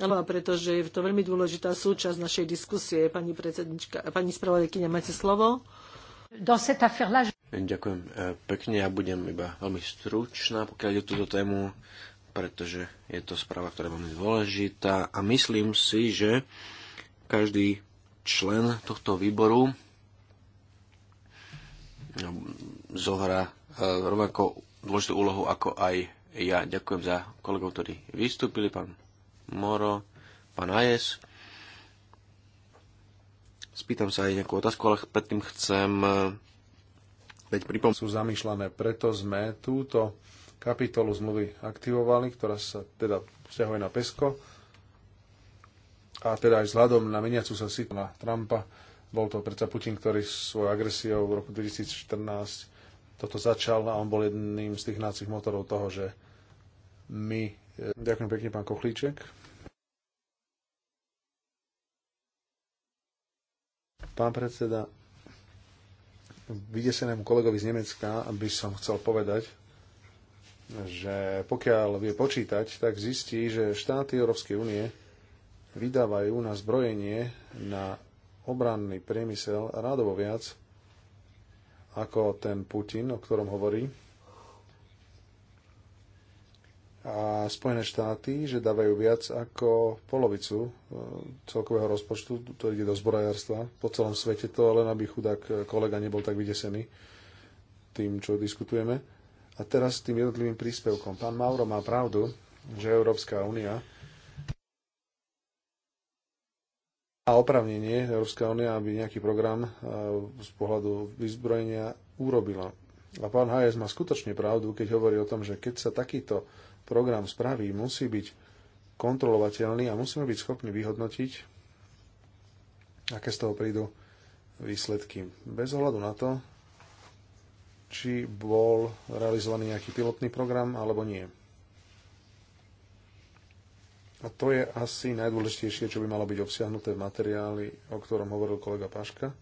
Áno, pretože je to veľmi dôležitá súčasť našej diskusie. Pani predsednička, pani spravodajkyňa, máte slovo? Ďakujem e, pekne. Ja budem iba veľmi stručná, pokiaľ ide túto tému, pretože je to správa, ktorá je veľmi dôležitá. A myslím si, že každý člen tohto výboru no, zohrá E, rovnako dôležitú úlohu ako aj ja. Ďakujem za kolegov, ktorí vystúpili, pán Moro, pán Ajes. Spýtam sa aj nejakú otázku, ale predtým chcem e, veď pripom... Sú zamýšľané, preto sme túto kapitolu zmluvy aktivovali, ktorá sa teda vzťahuje na PESCO a teda aj vzhľadom na meniacu sa situáciu na Trumpa, bol to predsa Putin, ktorý svojou agresiou v roku 2014 toto začal a on bol jedným z tých nácich motorov toho, že my... E, ďakujem pekne, pán Kochlíček. Pán predseda, vydesenému kolegovi z Nemecka by som chcel povedať, že pokiaľ vie počítať, tak zistí, že štáty Európskej únie vydávajú na zbrojenie na obranný priemysel rádovo viac, ako ten Putin, o ktorom hovorí. A Spojené štáty, že dávajú viac ako polovicu e, celkového rozpočtu, to ide do zbrojárstva po celom svete, to len aby chudák kolega nebol tak vydesený tým, čo diskutujeme. A teraz tým jednotlivým príspevkom. Pán Mauro má pravdu, že Európska únia a opravnenie Európska únia, aby nejaký program eh, z pohľadu vyzbrojenia urobila. A pán Hayes má skutočne pravdu, keď hovorí o tom, že keď sa takýto program spraví, musí byť kontrolovateľný a musíme byť schopní vyhodnotiť, aké z toho prídu výsledky. Bez ohľadu na to, či bol realizovaný nejaký pilotný program alebo nie. A to je asi najdôležitejšie, čo by malo byť obsiahnuté v materiáli, o ktorom hovoril kolega Paška.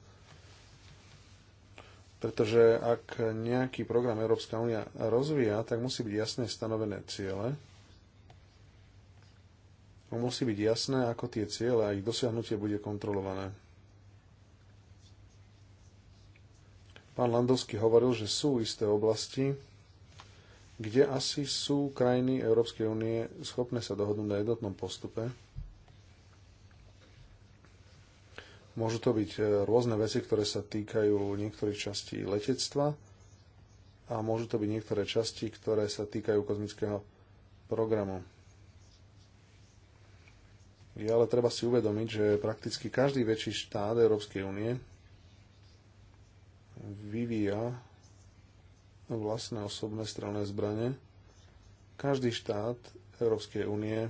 Pretože ak nejaký program Európska únia rozvíja, tak musí byť jasne stanovené ciele. Musí byť jasné, ako tie ciele a ich dosiahnutie bude kontrolované. Pán Landovský hovoril, že sú isté oblasti, kde asi sú krajiny Európskej únie schopné sa dohodnúť na jednotnom postupe. Môžu to byť e, rôzne veci, ktoré sa týkajú niektorých častí letectva a môžu to byť niektoré časti, ktoré sa týkajú kozmického programu. Je ale treba si uvedomiť, že prakticky každý väčší štát Európskej únie vyvíja vlastné osobné strelné zbranie. Každý štát Európskej únie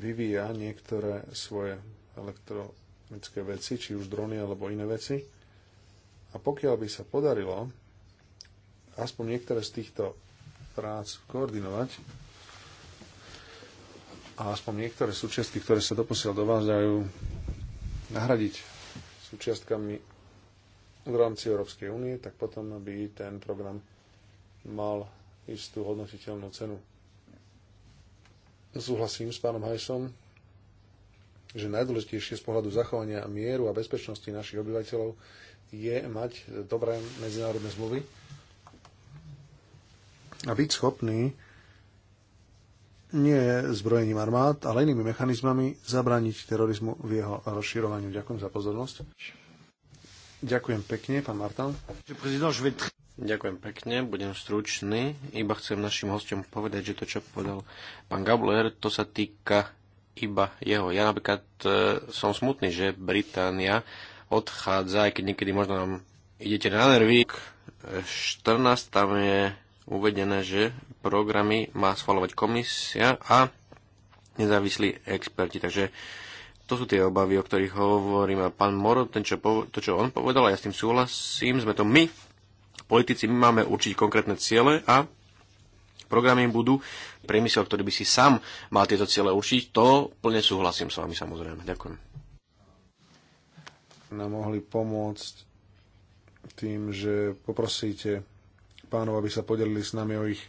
vyvíja niektoré svoje elektronické veci, či už drony alebo iné veci. A pokiaľ by sa podarilo aspoň niektoré z týchto prác koordinovať a aspoň niektoré súčiastky, ktoré sa doposiaľ dovážajú, nahradiť súčiastkami v rámci Európskej únie, tak potom by ten program mal istú hodnotiteľnú cenu. Súhlasím s pánom Hajsom, že najdôležitejšie z pohľadu zachovania mieru a bezpečnosti našich obyvateľov je mať dobré medzinárodné zmluvy a byť schopný nie zbrojením armád, ale inými mechanizmami zabrániť terorizmu v jeho rozširovaniu. Ďakujem za pozornosť. Ďakujem pekne, pán Martin. Ďakujem pekne, budem stručný. Iba chcem našim hostom povedať, že to, čo povedal pán Gabler, to sa týka iba jeho. Ja napríklad e, som smutný, že Británia odchádza, aj keď niekedy možno nám idete na nervy. 14 e, tam je uvedené, že programy má schvalovať komisia a nezávislí experti. Takže to sú tie obavy, o ktorých hovorím. A pán Moro, ten, čo po, to, čo on povedal, a ja s tým súhlasím, sme to my, politici, my máme určiť konkrétne ciele a programy budú priemysel, ktorý by si sám mal tieto ciele určiť. To plne súhlasím s vami samozrejme. Ďakujem. Nám mohli pomôcť tým, že poprosíte pánov, aby sa podelili s nami o ich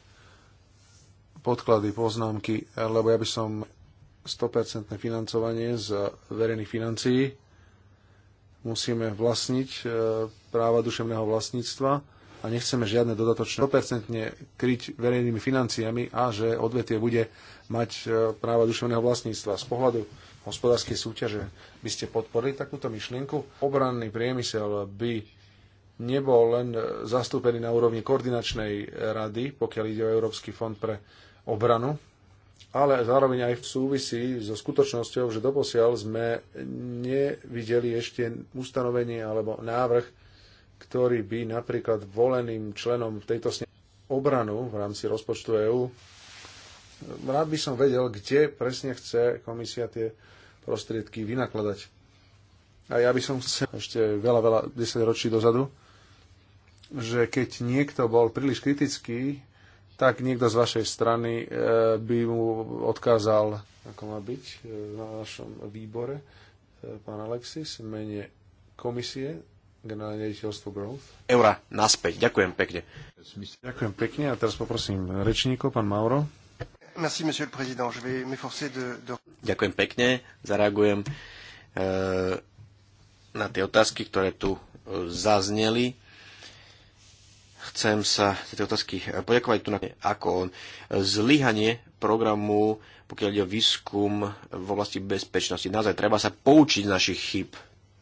podklady, poznámky, lebo ja by som 100% financovanie z verejných financií. Musíme vlastniť e, práva duševného vlastníctva a nechceme žiadne dodatočné 100% kryť verejnými financiami a že odvetie bude mať e, práva duševného vlastníctva. Z pohľadu hospodárskej súťaže by ste podporili takúto myšlienku? Obranný priemysel by nebol len e, zastúpený na úrovni koordinačnej rady, pokiaľ ide o Európsky fond pre obranu, ale zároveň aj v súvisí so skutočnosťou, že doposiaľ sme nevideli ešte ustanovenie alebo návrh, ktorý by napríklad voleným členom tejto sne obranu v rámci rozpočtu EÚ. Rád by som vedel, kde presne chce komisia tie prostriedky vynakladať. A ja by som chcel ešte veľa, veľa desaťročí dozadu, že keď niekto bol príliš kritický tak niekto z vašej strany eh, by mu odkázal, ako má byť eh, na našom výbore, eh, pán Alexis, mene komisie, generálne riaditeľstvo Growth. Eura, naspäť. Ďakujem pekne. Ďakujem pekne a teraz poprosím rečníkov, pán Mauro. Merci, monsieur le président. Je vais m'efforcer de, de... Ďakujem pekne, zareagujem e, na tie otázky, ktoré tu zazneli Chcem sa tie otázky eh, poďakovať tu na ako on. Zlyhanie programu, pokiaľ ide o výskum v oblasti bezpečnosti. Naozaj treba sa poučiť z našich chyb.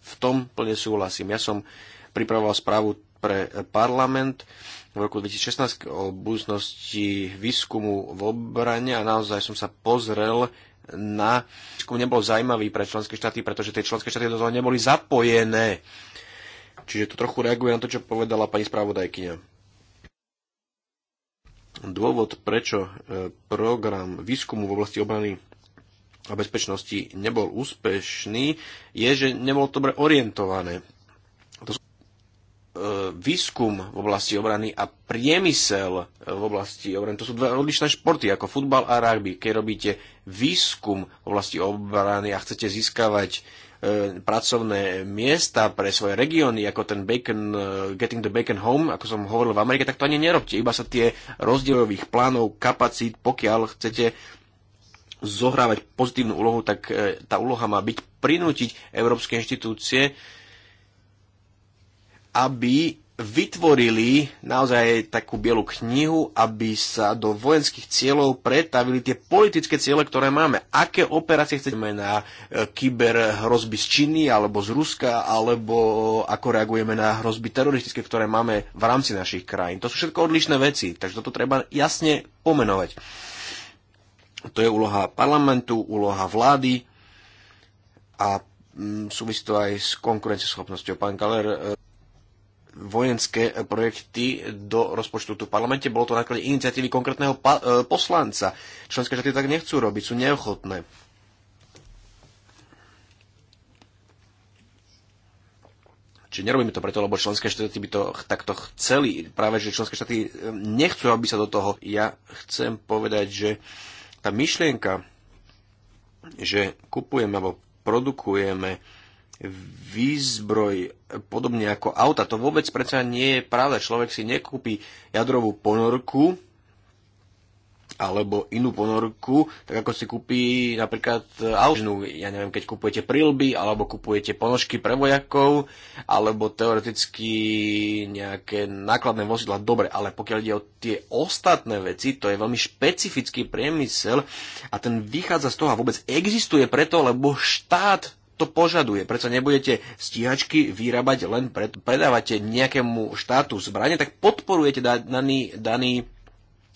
V tom plne súhlasím. Ja som pripravoval správu pre parlament v roku 2016 o budúcnosti výskumu v obrane a naozaj som sa pozrel na výskum nebol zaujímavý pre členské štáty, pretože tie členské štáty do toho neboli zapojené. Čiže to trochu reaguje na to, čo povedala pani spravodajkyňa dôvod, prečo e, program výskumu v oblasti obrany a bezpečnosti nebol úspešný, je, že nebol dobre orientované. To sú e, výskum v oblasti obrany a priemysel e, v oblasti obrany. To sú dva odlišné športy, ako futbal a rugby. Keď robíte výskum v oblasti obrany a chcete získavať E, pracovné miesta pre svoje regióny, ako ten bacon, e, getting the bacon home, ako som hovoril v Amerike, tak to ani nerobte. Iba sa tie rozdielových plánov, kapacít, pokiaľ chcete zohrávať pozitívnu úlohu, tak e, tá úloha má byť prinútiť európske inštitúcie, aby vytvorili naozaj takú bielu knihu, aby sa do vojenských cieľov pretavili tie politické ciele, ktoré máme. Aké operácie chceme na e, kyber hrozby z Číny alebo z Ruska, alebo ako reagujeme na hrozby teroristické, ktoré máme v rámci našich krajín. To sú všetko odlišné veci, takže toto treba jasne pomenovať. To je úloha parlamentu, úloha vlády a mm, súvisí to aj s konkurenceschopnosťou. Pán Kaler e, vojenské projekty do rozpočtu tu v parlamente. Bolo to na základe iniciatívy konkrétneho e, poslanca. Členské štáty tak nechcú robiť, sú neochotné. Čiže nerobíme to preto, lebo členské štáty by to takto chceli. Práve, že členské štáty e, nechcú, aby sa do toho. Ja chcem povedať, že tá myšlienka, že kupujeme alebo produkujeme výzbroj podobne ako auta. To vôbec predsa nie je pravda. Človek si nekúpi jadrovú ponorku alebo inú ponorku, tak ako si kúpi napríklad autožnú. No, ja neviem, keď kupujete prilby, alebo kupujete ponožky pre vojakov, alebo teoreticky nejaké nákladné vozidla. Dobre, ale pokiaľ ide o tie ostatné veci, to je veľmi špecifický priemysel a ten vychádza z toho a vôbec existuje preto, lebo štát to požaduje. Prečo nebudete stíhačky vyrábať len pred, predávate nejakému štátu zbranie, tak podporujete daný, daný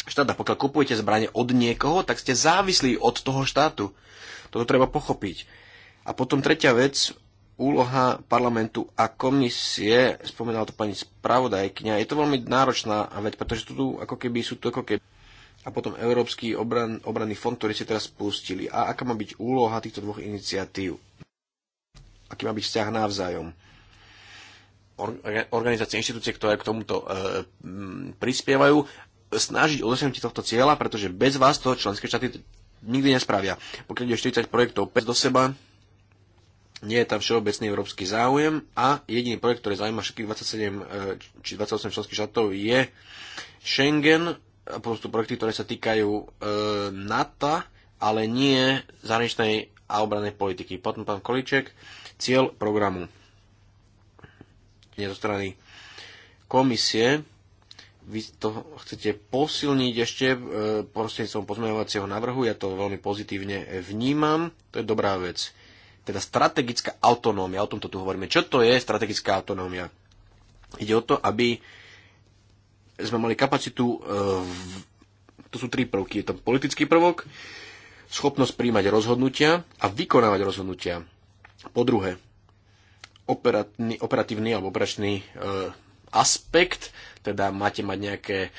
štát. A pokiaľ kupujete zbranie od niekoho, tak ste závislí od toho štátu. Toto treba pochopiť. A potom tretia vec, úloha parlamentu a komisie, spomenala to pani spravodajkňa, je to veľmi náročná vec, pretože tu ako keby sú to ako keby a potom Európsky obran, obranný fond, ktorý ste teraz spustili. A aká má byť úloha týchto dvoch iniciatív? aký má byť vzťah navzájom. Organizácie, inštitúcie, ktoré k tomuto e, prispievajú, snažiť o dosiahnutie tohto cieľa, pretože bez vás to členské štáty nikdy nespravia. Pokiaľ ide 40 projektov 5 do seba, nie je tam všeobecný európsky záujem a jediný projekt, ktorý zaujíma všetkých 27 e, či 28 členských štátov je Schengen, a sú projekty, ktoré sa týkajú e, NATO, ale nie zahraničnej a obranej politiky. Potom pán Količek Cieľ programu je zo strany komisie. Vy to chcete posilniť ešte e, prostredníctvom pozmeňovacieho návrhu. Ja to veľmi pozitívne vnímam. To je dobrá vec. Teda strategická autonómia. O tomto tu hovoríme. Čo to je strategická autonómia? Ide o to, aby sme mali kapacitu e, to sú tri prvky. Je to politický prvok, schopnosť príjmať rozhodnutia a vykonávať rozhodnutia. Po druhé, operatný, operatívny alebo operačný e, aspekt, teda máte mať nejaké e,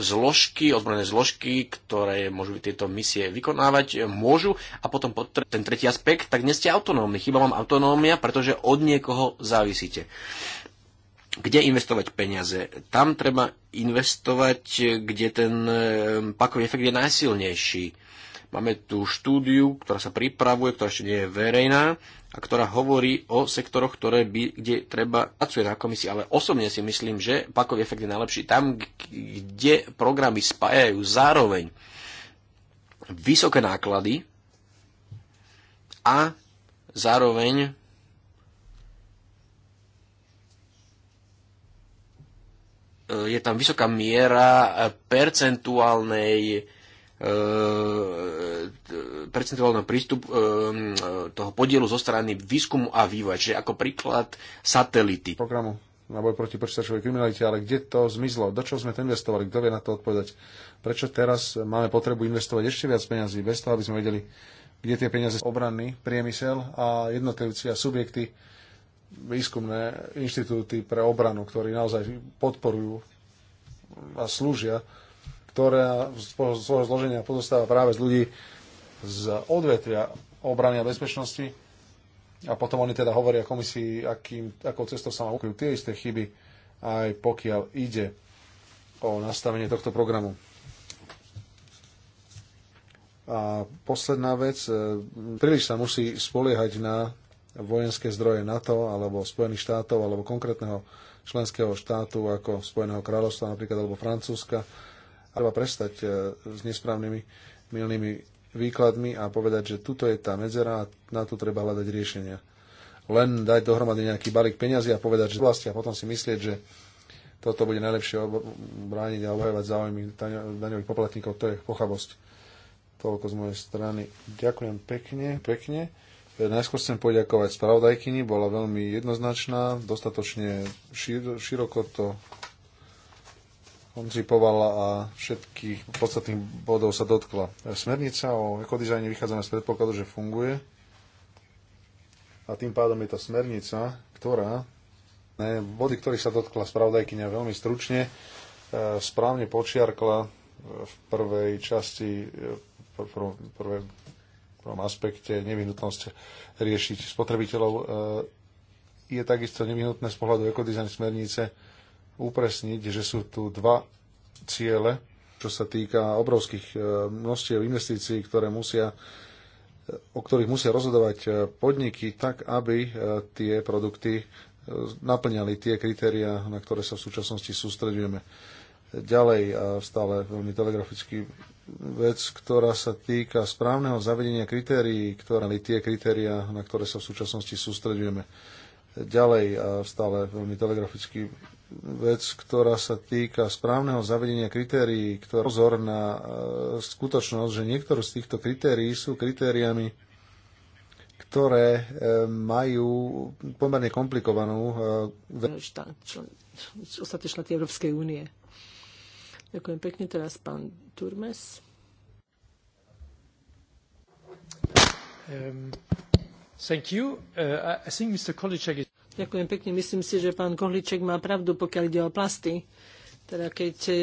zložky, ozbrojené zložky, ktoré môžu tieto misie vykonávať, e, môžu. A potom pod ten tretí aspekt, tak dnes ste autonómni. Chýba vám autonómia, pretože od niekoho závisíte. Kde investovať peniaze? Tam treba investovať, kde ten e, pakový efekt je najsilnejší. Máme tu štúdiu, ktorá sa pripravuje, ktorá ešte nie je verejná a ktorá hovorí o sektoroch, ktoré by, kde treba pracuje na komisii. Ale osobne si myslím, že pakový efekt je najlepší tam, kde programy spájajú zároveň vysoké náklady a zároveň e, je tam vysoká miera percentuálnej E, percentuálneho prístup e, toho podielu zo strany výskumu a vývoja, čiže ako príklad satelity. Programu na boj proti počítačovej kriminalite, ale kde to zmizlo? Do čoho sme to investovali? Kto vie na to odpovedať? Prečo teraz máme potrebu investovať ešte viac peniazí, bez toho, aby sme vedeli, kde tie peniaze obranný priemysel a jednotlivci a subjekty výskumné inštitúty pre obranu, ktorí naozaj podporujú a slúžia ktorá svojho zloženia pozostáva práve z ľudí z odvetvia obrany a bezpečnosti. A potom oni teda hovoria komisii, akým, akou cestou sa má ukryť tie isté chyby, aj pokiaľ ide o nastavenie tohto programu. A posledná vec, e, príliš sa musí spoliehať na vojenské zdroje NATO alebo Spojených štátov alebo konkrétneho členského štátu ako Spojeného kráľovstva napríklad alebo Francúzska a treba prestať e, s nesprávnymi milnými výkladmi a povedať, že tuto je tá medzera a na to treba hľadať riešenia. Len dať dohromady nejaký balík peňazí a povedať, že vlastne a potom si myslieť, že toto bude najlepšie brániť a obhajovať záujmy daňových poplatníkov, to je pochabosť. Toľko z mojej strany. Ďakujem pekne, pekne. E, najskôr chcem poďakovať spravodajkyni, bola veľmi jednoznačná, dostatočne široko to koncipovala a všetkých podstatných bodov sa dotkla. Smernica o ekodizajne vychádza z predpokladu, že funguje a tým pádom je to smernica, ktorá ne, body, ktorých sa dotkla spravodajkynia veľmi stručne, e, správne počiarkla v prvej časti, pr- e, pr- v prvom aspekte nevyhnutnosť riešiť spotrebiteľov. E, je takisto nevyhnutné z pohľadu ekodizajn smernice upresniť, že sú tu dva ciele, čo sa týka obrovských e, množstiev investícií, ktoré musia e, o ktorých musia rozhodovať e, podniky tak, aby tie produkty naplňali tie kritéria, na ktoré sa v súčasnosti sústredujeme. Ďalej, stále veľmi telegrafický vec, ktorá sa týka správneho zavedenia kritérií, ktoré tie kritéria, na ktoré sa v súčasnosti sústredujeme. Ďalej, stále veľmi telegrafický vec, ktorá sa týka správneho zavedenia kritérií, ktorá pozor na e, skutočnosť, že niektoré z týchto kritérií sú kritériami, ktoré e, majú pomerne komplikovanú e, ostatné štáty Európskej únie. Ďakujem pekne. Teraz pán Turmes. Um, thank you. Uh, I think Mr. is... Ďakujem pekne. Myslím si, že pán Kohliček má pravdu, pokiaľ ide o plasty. Teda keď e,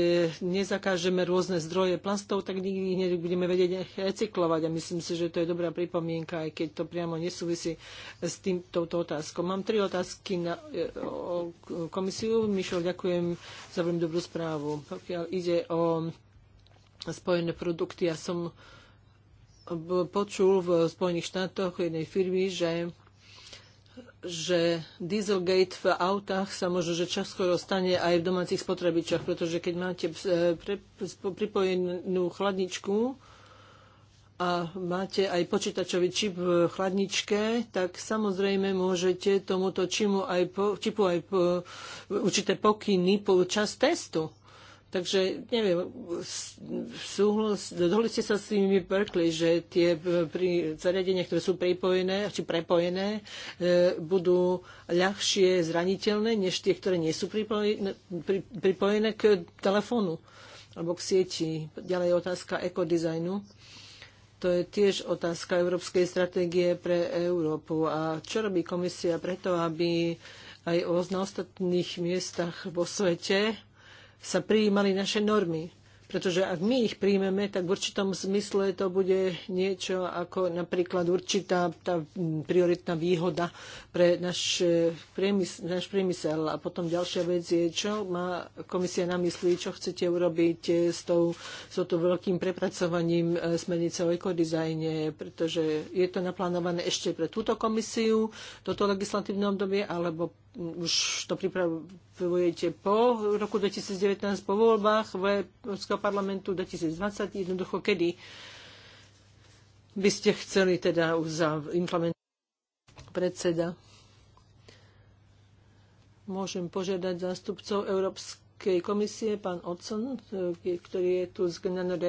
nezakážeme rôzne zdroje plastov, tak nikdy ich nebudeme vedieť recyklovať. A myslím si, že to je dobrá pripomienka, aj keď to priamo nesúvisí s tým, touto otázkou. Mám tri otázky na e, o komisiu. Mišel, ďakujem za veľmi dobrú správu. Pokiaľ ide o spojené produkty, ja som počul v Spojených štátoch jednej firmy, že že Dieselgate v autách sa možno, že skoro stane aj v domácich spotrebičoch, pretože keď máte e, pripojenú chladničku a máte aj počítačový čip v chladničke, tak samozrejme môžete tomuto čimu aj po, čipu aj po, určité pokyny počas testu. Takže neviem, súhlas, dohodli ste sa s tými Berkeley, že tie e, pri zariadenia, ktoré sú pripojené či prepojené, e, budú ľahšie zraniteľné, než tie, ktoré nie sú pripojené, pri, pripojené k telefónu alebo k sieti. Ďalej otázka ekodizajnu. To je tiež otázka európskej stratégie pre Európu. A čo robí komisia preto, aby aj o na ostatných miestach vo svete sa prijímali naše normy. Pretože ak my ich príjmeme, tak v určitom zmysle to bude niečo ako napríklad určitá tá prioritná výhoda pre náš eh, priemysel, priemysel. A potom ďalšia vec je, čo má komisia na mysli, čo chcete urobiť eh, s, tou, s tou veľkým prepracovaním eh, smernice o ekodizajne, pretože je to naplánované ešte pre túto komisiu, toto legislatívne obdobie, alebo už to pripravujete po roku 2019, po voľbách v Európskeho parlamentu 2020, jednoducho kedy by ste chceli teda za implementovať predseda. Môžem požiadať zástupcov Európskej komisie, pán Odson, ktorý je tu z generálneho